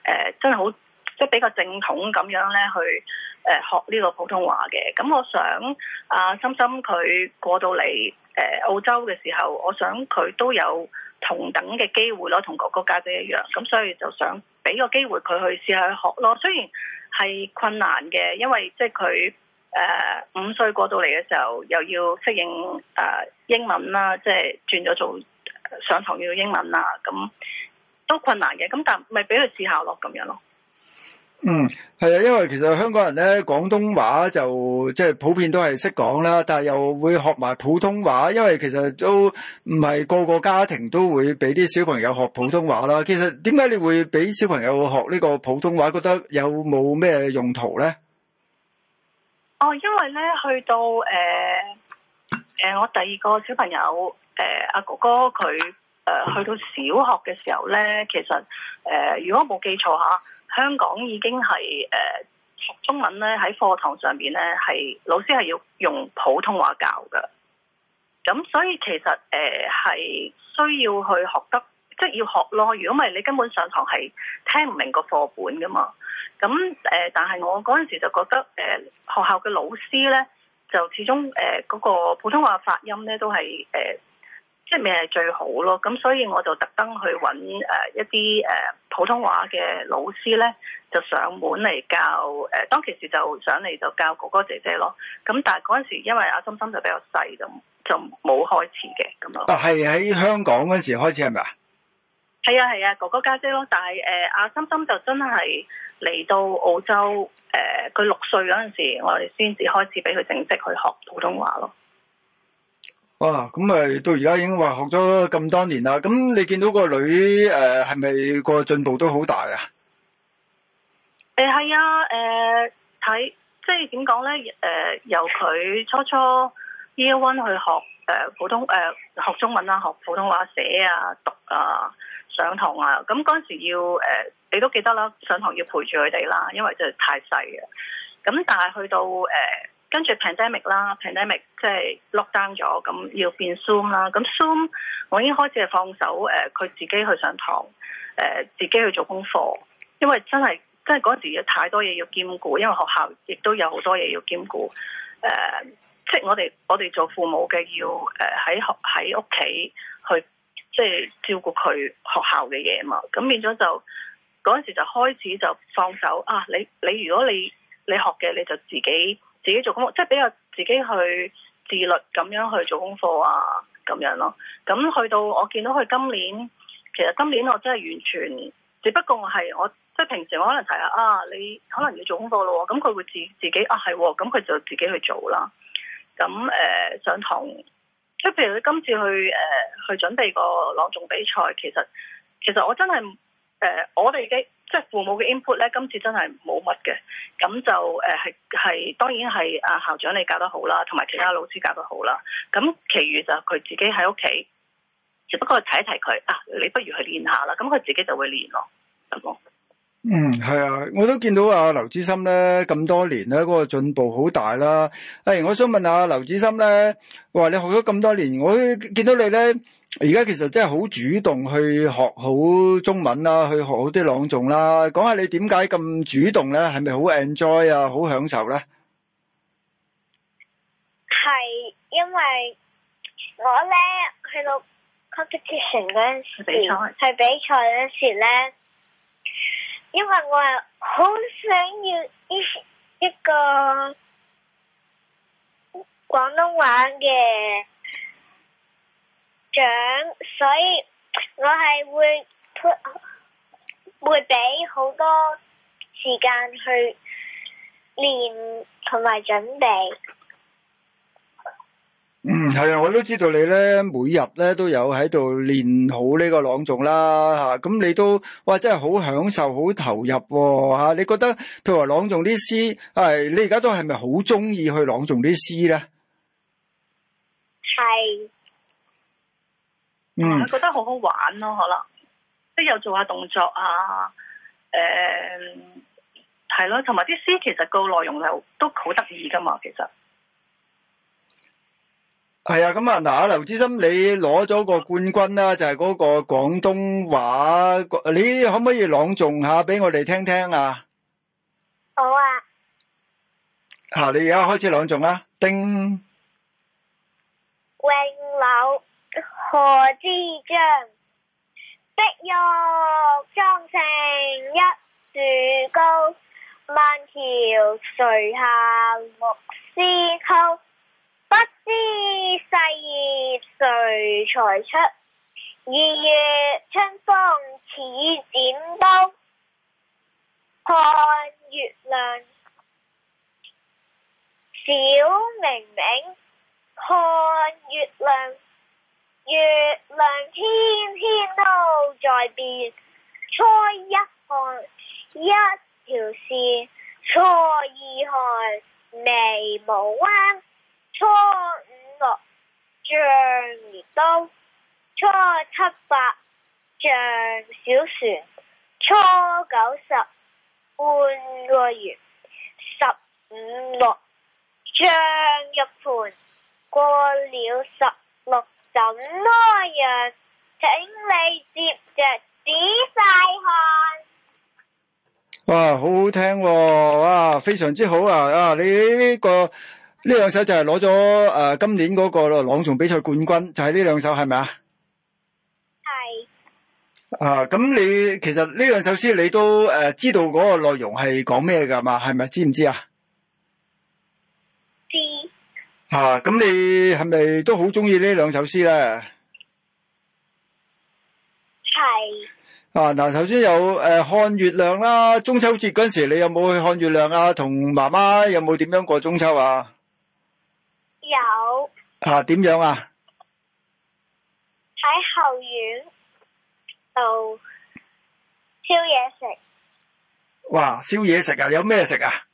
誒，真係好。即係比較正統咁樣咧，去誒學呢個普通話嘅。咁我想阿心心佢過到嚟誒、啊、澳洲嘅時候，我想佢都有同等嘅機會咯，同哥哥家姐一樣。咁所以就想俾個機會佢去試下去學咯。雖然係困難嘅，因為即係佢誒五歲過到嚟嘅時候，又要適應誒、啊、英文啦，即係轉咗做上堂要英文啦，咁都困難嘅。咁但係咪俾佢試下咯？咁樣咯。嗯，係啊，因為其實香港人咧，廣東話就即係、就是、普遍都係識講啦，但係又會學埋普通話，因為其實都唔係個個家庭都會俾啲小朋友學普通話啦。其實點解你會俾小朋友學呢個普通話？覺得有冇咩用途咧？哦，因為咧，去到誒誒、呃呃，我第二個小朋友誒阿、呃、哥哥佢誒、呃、去到小學嘅時候咧，其實誒、呃、如果冇記錯吓。香港已經係誒學中文咧，喺課堂上面咧係老師係要用普通話教嘅。咁所以其實誒係、呃、需要去學得，即、就、係、係、要學咯。如果唔係，你根本上堂係聽唔明個課本噶嘛。咁、呃、但係我嗰陣時就覺得誒、呃、學校嘅老師咧，就始終誒嗰、呃那個普通話發音咧都係誒。呃即係未係最好咯，咁所以我就特登去揾一啲誒普通話嘅老師咧，就上門嚟教誒，當其時就想嚟就教哥哥姐姐咯。咁但係嗰陣時，因為阿心心就比較細，就就冇開始嘅咁咯。係喺香港嗰陣時開始係咪啊？係啊係啊，哥哥家姐咯。但係誒，阿心心就真係嚟到澳洲誒，佢六歲嗰陣時，我哋先至開始俾佢正式去學普通話咯。哇，咁、嗯、咪到而家已經話學咗咁多年啦，咁你見到個女誒係咪個進步都好大啊？誒、欸、係啊，誒、呃、睇即係點講咧？誒、呃、由佢初初 Year One 去學誒、呃、普通誒、呃、學中文啦，學普通話寫啊、讀啊、上堂啊，咁嗰陣時要誒、呃、你都記得啦，上堂要陪住佢哋啦，因為就太細嘅。咁但係去到誒。呃跟住 pandemic 啦，pandemic 即係 lockdown 咗，咁要變 Zoom 啦。咁 Zoom 我已經開始係放手佢、呃、自己去上堂、呃，自己去做功課。因為真係真係嗰陣時有太多嘢要兼顧，因為學校亦都有好多嘢要兼顧。即、呃、係、就是、我哋我哋做父母嘅要喺學喺屋企去即係、就是、照顧佢學校嘅嘢嘛。咁變咗就嗰陣時就開始就放手啊！你你如果你你學嘅你就自己。自己做功課，即係比較自己去自律咁樣去做功課啊，咁樣咯。咁去到我見到佢今年，其實今年我真係完全，只不過係我係我即係平時我可能提下啊，你可能要做功課咯。咁佢會自自己啊係，咁佢就自己去做啦。咁誒、呃、上堂，即係譬如佢今次去誒、呃、去準備個朗誦比賽，其實其實我真係誒、呃、我哋嘅。即係父母嘅 input 咧，今次真係冇乜嘅。咁就誒係係當然係啊校長你教得好啦，同埋其他老師教得好啦，咁其餘就佢自己喺屋企，只不過睇一睇佢啊，你不如去練下啦，咁佢自己就會練咯，咁咯。嗯，係啊，我都見到啊劉祉心咧咁多年咧嗰、那個進步好大啦。誒、哎，我想問下劉祉心咧，話你學咗咁多年，我見到你咧，而家其實真係好主動去學好中文啦，去學好啲朗誦啦。講下你點解咁主動咧？係咪好 enjoy 啊？好享受咧？係因為我咧去到 competition 嗰陣時，係比賽嗰陣時咧。因為我係好想要一個個廣東話嘅獎，所以我係會 put 會俾好多時間去練同埋準備。嗯，係啊，我都知道你咧，每日咧都有喺度練好呢個朗誦啦，吓、啊、咁你都哇真係好享受，好投入吓、啊啊。你覺得，譬如朗誦啲詩，你而家都係咪好中意去朗誦啲詩咧？係，嗯，我覺得好好玩咯、啊，可能即係又做下動作啊，誒、嗯，係咯，同埋啲詩其實個內容又都好得意噶嘛，其實。係啊，咁啊，嗱，劉祉心，你攞咗個冠軍啦，就係嗰個廣東話，你可唔可以朗誦下俾我哋聽聽啊？好啊！吓，你而家開始朗誦啦，丁。詠柳賀知章，碧玉妝成一樹高，萬條垂下綠絲絛。不知細葉誰裁出，二月春風似剪刀。看月亮，小明明。看月亮，月亮天天都在變。初一看，一條線；初二看，眉毛彎。初五六象如刀，初七八象小船，初九十半個月，十五六象入盤。過了十六怎麼樣？請你接着仔細看。哇，好好聽喎、哇！非常之好啊！啊，你呢、這個。呢兩首就係攞咗誒，今年嗰個朗誦比賽冠軍就係、是、呢兩首，係咪啊？係。啊，咁你其實呢兩首詩你都誒、呃、知道嗰個內容係講咩噶嘛？係咪知唔知啊？知。啊，咁你係咪都好中意呢兩首詩咧？係。啊，嗱，頭先有誒、呃、看月亮啦，中秋節嗰時你有冇去看月亮啊？同媽媽有冇點樣過中秋啊？有啊。點樣啊？喺後院度燒嘢食。哇！燒嘢食啊？有咩食啊？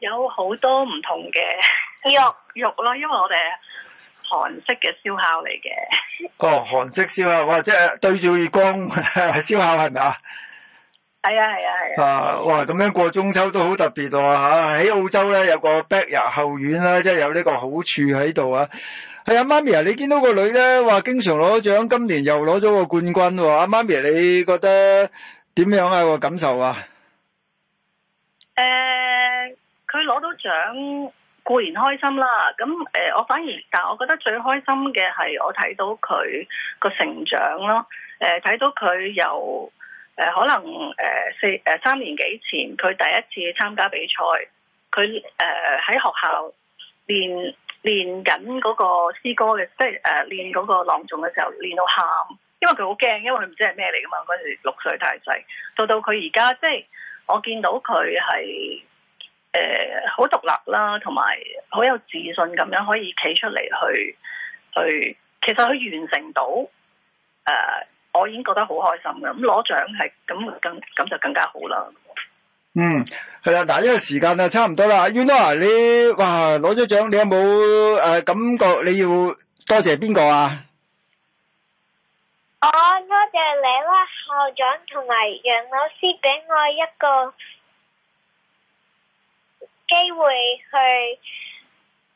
有好多唔同嘅肉肉咯，因為我哋係韓式嘅燒烤嚟嘅。 哦，韓式燒烤，或者係對住月光燒烤，係咪啊？係啊係啊係啊！啊，啊，啊，啊，啊哇，咁樣過中秋都好特別啊吓！喺澳洲咧有個 back 入後院啦，即係有呢個好處喺度啊！係啊，媽咪啊，你見到個女咧，話經常攞獎，今年又攞咗個冠軍喎，啊！阿媽咪，啊、你覺得點樣啊？個感受啊？誒、呃，佢攞到獎固然開心啦，咁誒、呃，我反而但係我覺得最開心嘅係我睇到佢個成長咯，誒、呃，睇到佢由。誒、呃、可能誒、呃、四、呃、三年幾前，佢第一次參加比賽，佢誒喺學校練練緊嗰個詩歌嘅，即係誒練嗰個朗誦嘅時候，練到喊，因為佢好驚，因為佢唔知係咩嚟噶嘛，嗰時六歲太細。到到佢而家，即係我見到佢係誒好獨立啦，同埋好有自信咁樣可以企出嚟去去，其實佢完成到誒。呃我已經覺得好開心嘅，咁攞獎係咁更咁就更加好啦。嗯，係啦，嗱，呢個時間就差唔多啦 y u n o a 你哇攞咗獎，你有冇誒、呃、感覺？你要多謝邊個啊？我、哦、多謝你啦！校長同埋楊老師俾我一個機會去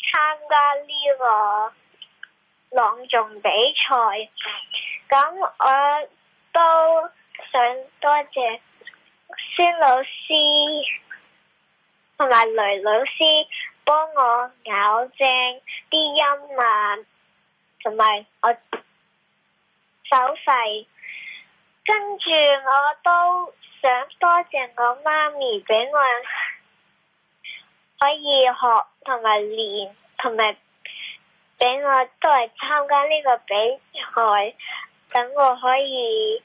參加呢個朗誦比賽。咁我都想多謝孫老師同埋雷老師幫我咬正啲音啊，同埋我手勢。跟住我都想多謝我媽咪俾我可以學同埋練，同埋俾我都係參加呢個比賽。等我可以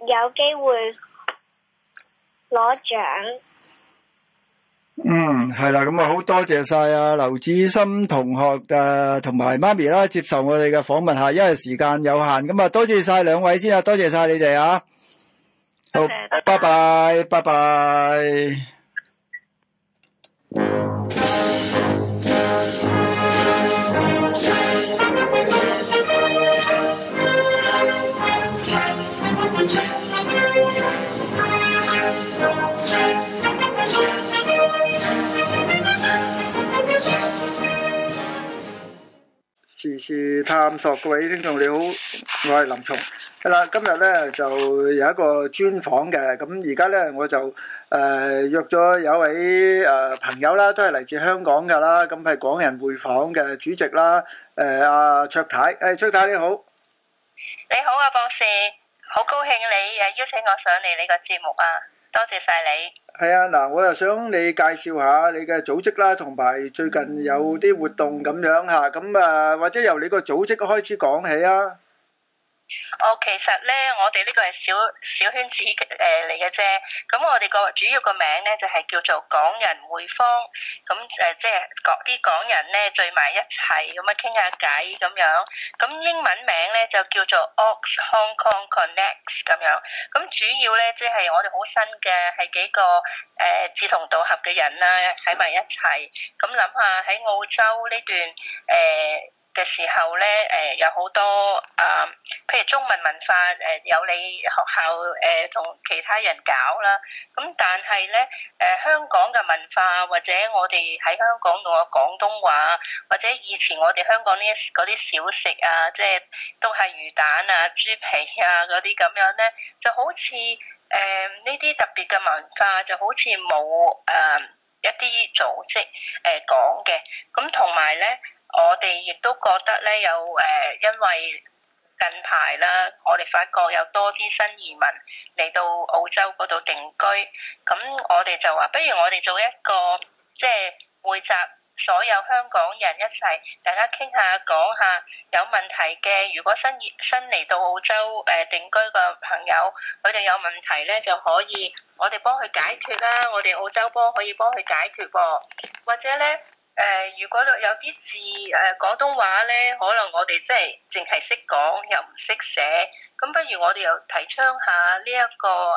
有機會攞獎。嗯，係啦，咁啊，好多謝晒啊，劉祉心同學誒同埋媽咪啦，接受我哋嘅訪問吓，因為時間有限，咁啊，多謝晒兩位先啊，多謝晒你哋呀。好，拜拜，拜拜。探索各位聽眾你好，我係林松。係啦，今日咧就有一個專訪嘅。咁而家咧我就誒約咗有位誒朋友啦，都係嚟自香港㗎啦。咁係港人匯坊嘅主席啦。誒阿卓太，誒卓太你好。你好啊，博士，好高興你誒邀請我上嚟呢個節目啊。多謝晒你。係啊，嗱，我又想你介紹下你嘅組織啦，同埋最近有啲活動咁樣吓，咁啊，或者由你個組織開始講起啊。哦，其實咧，我哋呢個係小小圈子誒嚟嘅啫。咁、呃、我哋個主要個名咧就係、是、叫做港人匯坊。咁誒，即、呃、係、就是、各啲港人咧聚埋一齊，咁啊傾下偈咁樣。咁英文名咧就叫做 Ox Hong Kong Connect 咁樣。咁主要咧即係我哋好新嘅，係幾個誒、呃、志同道合嘅人啦喺埋一齊。咁諗下喺澳洲呢段誒。呃嘅時候咧，誒有好多啊，譬如中文文化誒，有你學校誒同其他人搞啦。咁但係咧，誒香港嘅文化或者我哋喺香港用嘅廣東話，或者以前我哋香港呢啲小食啊，即係都係魚蛋啊、豬皮啊嗰啲咁樣咧，就好似誒呢啲特別嘅文化，就好似冇誒一啲組織誒講嘅。咁同埋咧。我哋亦都覺得咧，有誒，因為近排啦，我哋發覺有多啲新移民嚟到澳洲嗰度定居，咁我哋就話，不如我哋做一個即係匯集所有香港人一齊，大家傾下講下有問題嘅。如果新移新嚟到澳洲誒定居嘅朋友，佢哋有問題咧，就可以我哋幫佢解決啦。我哋澳洲幫可以幫佢解決喎，或者咧。誒、呃，如果有啲字誒、呃、廣東話咧，可能我哋即係淨係識講，又唔識寫，咁不如我哋又提倡一下呢、這、一個誒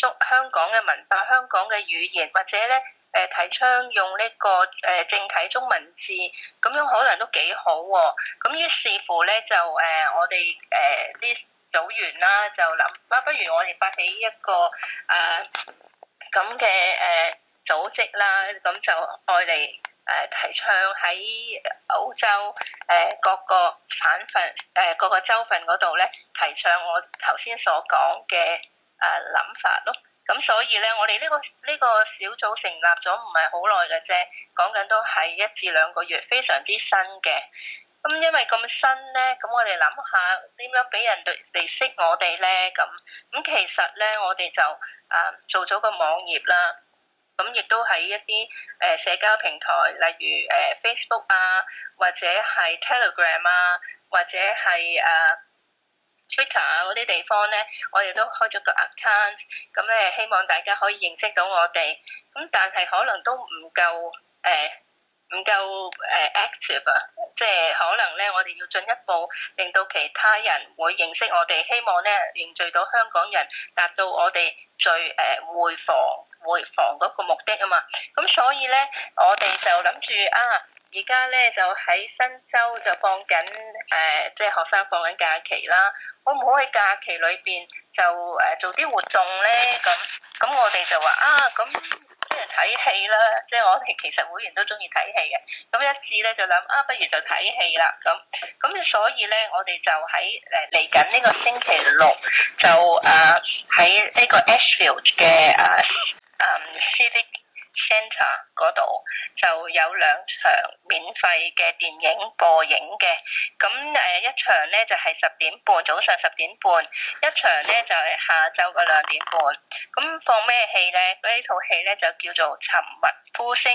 中、啊、香港嘅文化、香港嘅語言，或者咧誒、呃、提倡用呢、這個誒、呃、正體中文字，咁樣可能都幾好喎、啊。咁於是乎咧，就誒、呃、我哋誒啲組員啦，就諗不不如我哋發起一個啊咁嘅誒組織啦，咁就愛嚟。誒、呃、提倡喺澳洲誒、呃、各個省份誒各個州份嗰度咧，提倡我頭先所講嘅誒諗法咯。咁、嗯、所以咧，我哋呢、這個呢、這個小組成立咗唔係好耐嘅啫，講緊都係一至兩個月，非常之新嘅。咁、嗯、因為咁新咧，咁、嗯、我哋諗下點樣俾人哋嚟識我哋咧？咁、嗯、咁、嗯、其實咧，我哋就誒、呃、做咗個網頁啦。咁亦都喺一啲誒社交平台，例如誒 Facebook 啊，或者係 Telegram 啊，或者係誒 Twitter 啊嗰啲地方咧，我哋都開咗個 account。咁咧，希望大家可以認識到我哋。咁但係可能都唔夠誒唔夠誒 active 啊！即係可能咧，我哋要進一步令到其他人會認識我哋，希望咧凝聚到香港人，達到我哋最誒匯坊。回防嗰個目的啊嘛，咁所以咧，我哋就諗住啊，而家咧就喺新州就放緊誒，即係學生放緊假期啦，可唔可以假期裏邊就誒、啊、做啲活動咧？咁咁我哋就話啊，咁即係睇戲啦，即係我哋其實會員都中意睇戲嘅，咁一試咧就諗啊，不如就睇戲啦咁，咁所以咧我哋就喺嚟緊呢個星期六就誒喺呢個 Ashfield 嘅誒。啊 Um, Civic Centre 嗰度就有兩場免費嘅電影播映嘅，咁誒一場呢，就係十點半，早上十點半，一場呢，就係下晝嘅兩點半，咁放咩戲呢？呢套戲呢，戲就叫做《沉默呼聲》，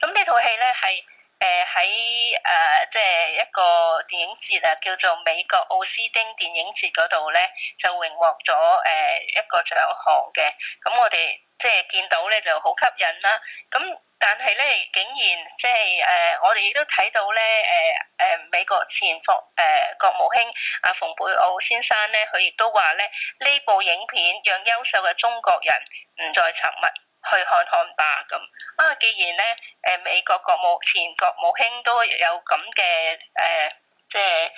咁呢套戲呢，係，誒喺誒即係一個電影節啊，叫做美國奧斯丁電影節嗰度咧，就榮獲咗誒一個獎項嘅。咁我哋即係見到咧就好吸引啦。咁但係咧竟然即係誒，我哋亦都睇到咧誒誒美國前國誒國務卿阿蓬佩奧先生咧，佢亦都話咧呢部影片讓優秀嘅中國人唔再沉默。去看看吧咁啊！既然咧，誒美國國務前國務卿都有咁嘅誒，即、呃、係、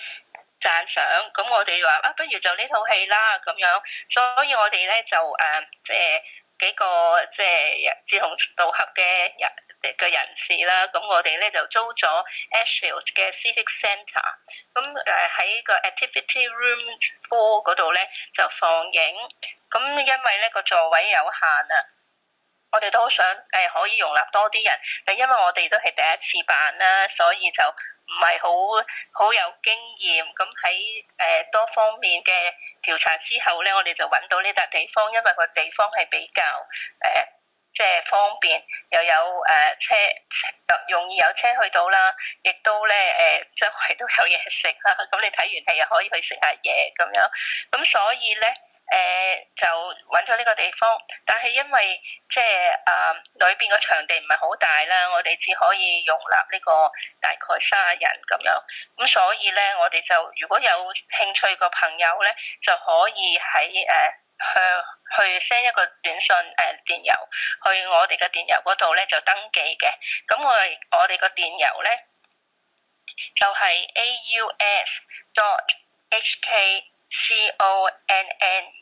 就是、讚賞咁，我哋話啊，不如就呢套戲啦咁樣。所以我哋咧就誒，即、呃、係幾個即係、呃、志同道合嘅人嘅人，人士啦。咁我哋咧就租咗 Ashfield 嘅 City Centre 咁誒喺個 Activity Room Four 嗰度咧就放映。咁因為咧個座位有限啊。我哋都好想誒可以容納多啲人，但因為我哋都係第一次辦啦，所以就唔係好好有經驗。咁喺誒多方面嘅調查之後咧，我哋就揾到呢笪地方，因為個地方係比較誒即係方便，又有誒、呃、車，容易有車去到啦，亦都咧誒周圍都有嘢食啦。咁你睇完戲又可以去食下嘢咁樣，咁所以咧。誒、uh, 就揾咗呢個地方，但係因為即係誒裏邊個場地唔係好大啦，我哋只可以容納呢個大概卅人咁樣，咁所以咧，我哋就如果有興趣個朋友咧，就可以喺誒、uh, 去去 send 一個短信誒、uh, 電郵去我哋嘅電郵嗰度咧就登記嘅。咁我哋我哋個電郵咧就係、是、a u s dot h k c o n n。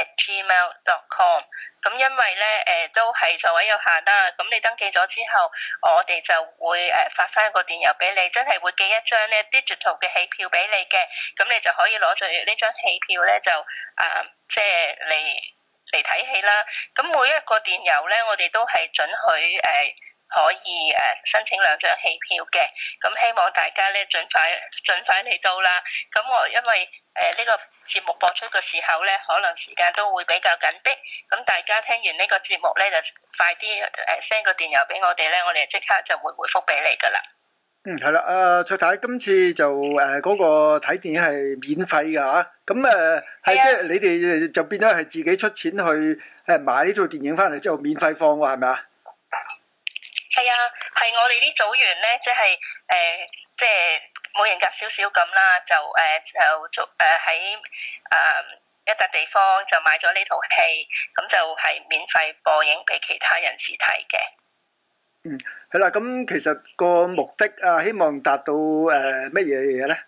at gmail dot com，咁因為咧，誒、呃，都係座位有限啦。咁你登記咗之後，我哋就會誒發返一個電郵俾你，真係會寄一張咧 digital 嘅戲票俾你嘅。咁你就可以攞住呢張戲票咧，就誒，即係嚟嚟睇戲啦。咁每一個電郵咧，我哋都係准許誒。呃可以誒申請兩張戲票嘅，咁希望大家咧盡快盡快嚟到啦。咁我因為誒呢、呃呢個節目播出嘅時候咧，可能時間都會比較緊迫。咁大家聽完呢個節目咧，就快啲誒 send 個電郵俾我哋咧，我哋即刻就會回覆俾你噶啦。嗯，係啦，啊，卓太，今次就誒嗰、呃嗰個睇電影係免費㗎嚇、啊，咁誒係即係你哋就變咗係自己出錢去誒買呢套電影翻嚟之後免費放喎，係咪啊？係啊，係我哋啲組員咧，即係誒，即係冇人格少少咁啦，就誒、呃、就做誒喺一笪地方就買咗呢套戲，咁就係免費播映俾其他人士睇嘅。嗯，係啦、啊，咁其實個目的啊，希望達到誒乜嘢嘢咧？呃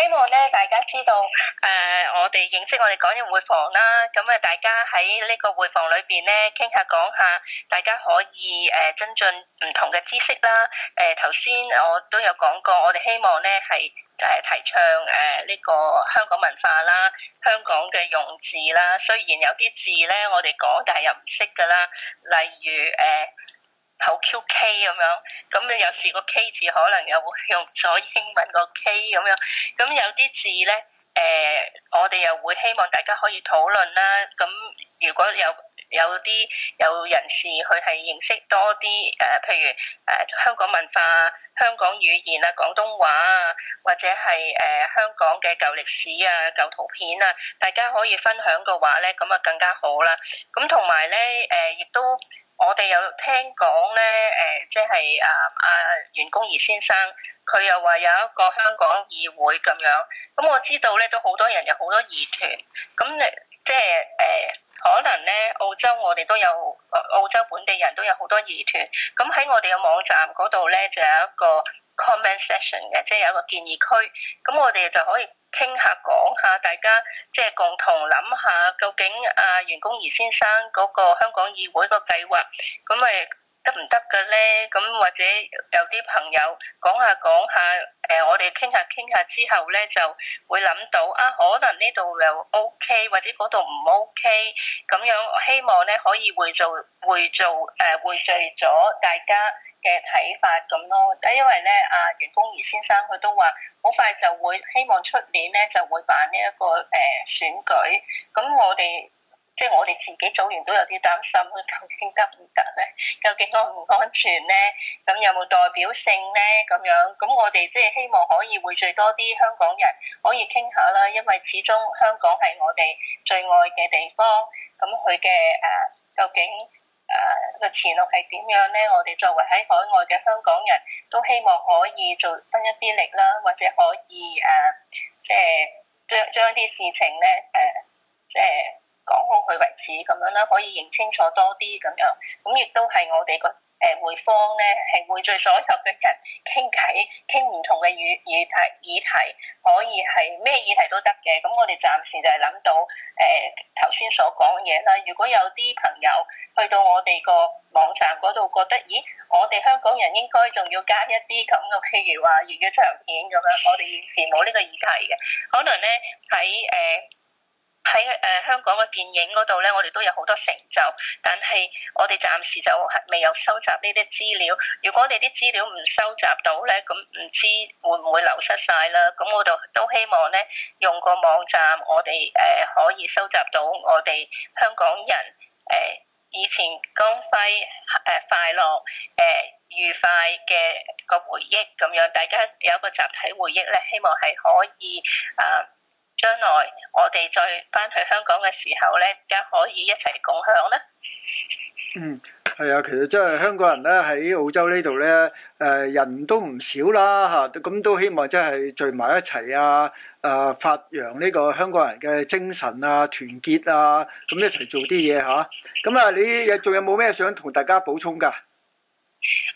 希望咧，大家知道，誒、呃，我哋認識我哋講嘅會房啦。咁啊，大家喺呢個會房裏邊咧，傾下講下，大家可以誒增進唔同嘅知識啦。誒、呃，頭先我都有講過，我哋希望咧係誒提倡誒呢個香港文化啦，香港嘅用字啦。雖然有啲字咧，我哋講但係又唔識㗎啦，例如誒。呃唞 QK 咁樣，咁啊有時個 K 字可能又會用咗英文個 K 咁樣，咁有啲字呢，誒、呃，我哋又會希望大家可以討論啦。咁如果有有啲有人士佢係認識多啲誒、呃，譬如誒、呃、香港文化啊、香港語言啊、廣東話啊，或者係誒、呃、香港嘅舊歷史啊、舊圖片啊，大家可以分享嘅話呢，咁啊更加好啦。咁同埋呢，誒、呃、亦都。我哋有聽講咧，誒，即係啊啊袁公儀先生，佢又話有一個香港議會咁樣，咁我知道咧都好多人有好多疑團，咁你。即係誒，可能咧澳洲我哋都有澳洲本地人都有好多疑團，咁喺我哋嘅網站嗰度咧，就有一個 comment session 嘅，即係有一個建議區，咁我哋就可以傾下講下，大家即係共同諗下究竟啊袁弓夷先生嗰個香港議會個計劃，咁咪。得唔得嘅咧？咁或者有啲朋友講下講下，誒、呃、我哋傾下傾下之後咧，就會諗到啊，可能呢度又 OK，或者嗰度唔 OK，咁樣希望咧可以匯做匯做誒匯、呃、聚咗大家嘅睇法咁咯。因為咧阿袁公儀先生佢都話好快就會希望出年咧就會辦呢一個誒選舉，咁我哋。即係我哋自己組完都有啲擔心，究竟得唔得咧？究竟安唔安全咧？咁有冇代表性咧？咁樣咁我哋即係希望可以匯聚多啲香港人，可以傾下啦。因為始終香港係我哋最愛嘅地方。咁佢嘅究竟個前路係點樣咧？我哋作為喺海外嘅香港人，都希望可以做多一啲力啦，或者可以啊，即係將將啲事情咧誒，即係講好佢為止咁樣啦，可以認清楚多啲咁樣，咁亦都係我哋個誒匯坊咧，係匯聚所有嘅人傾偈，傾唔同嘅議議題，議題可以係咩議題都得嘅。咁我哋暫時就係諗到誒頭先所講嘅嘢啦。如果有啲朋友去到我哋個網站嗰度覺得，咦，我哋香港人應該仲要加一啲咁嘅，譬如話粵語長片咁樣，我哋現時冇呢個議題嘅，可能咧喺誒，喺誒香港嘅電影嗰度咧，我哋都有好多成就，但係我哋暫時就係未有收集呢啲資料。如果我哋啲資料唔收集到咧，咁唔知會唔會流失晒啦？咁我就都希望咧，用個網站，我哋誒可以收集到我哋香港人誒以前光輝誒快樂誒愉快嘅個回憶，咁樣大家有一個集體回憶咧，希望係可以啊。將來我哋再翻去香港嘅時候咧，而家可以一齊共享咧。嗯，係啊，其實真係香港人咧喺澳洲呢度咧，誒人都唔少啦吓，咁都希望真係聚埋一齊啊，誒發揚呢個香港人嘅精神啊，團結啊，咁一齊做啲嘢吓。咁啊，你仲有冇咩想同大家補充噶？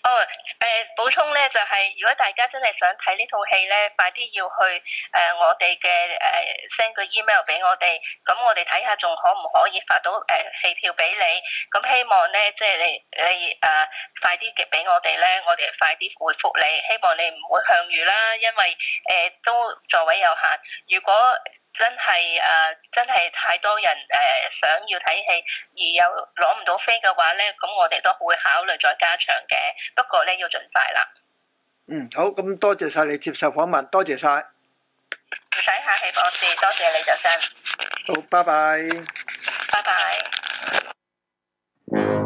哦、oh, 呃，誒，補充咧就係、是，如果大家真係想睇呢套戲咧，快啲要去誒、呃，我哋嘅誒 send 個 email 俾我哋，咁我哋睇下仲可唔可以發到誒戲、呃、票俾你，咁希望咧即係你你誒、呃、快啲寄俾我哋咧，我哋快啲回復你，希望你唔會向隅啦，因為誒、呃、都座位有限，如果。真係誒、呃，真係太多人誒、呃、想要睇戲，而又攞唔到飛嘅話咧，咁我哋都會考慮再加場嘅。不過咧，要盡快啦。嗯，好，咁多謝晒你接受訪問，多謝晒。唔使客氣，博士，多謝你，就真。好，拜拜。拜拜。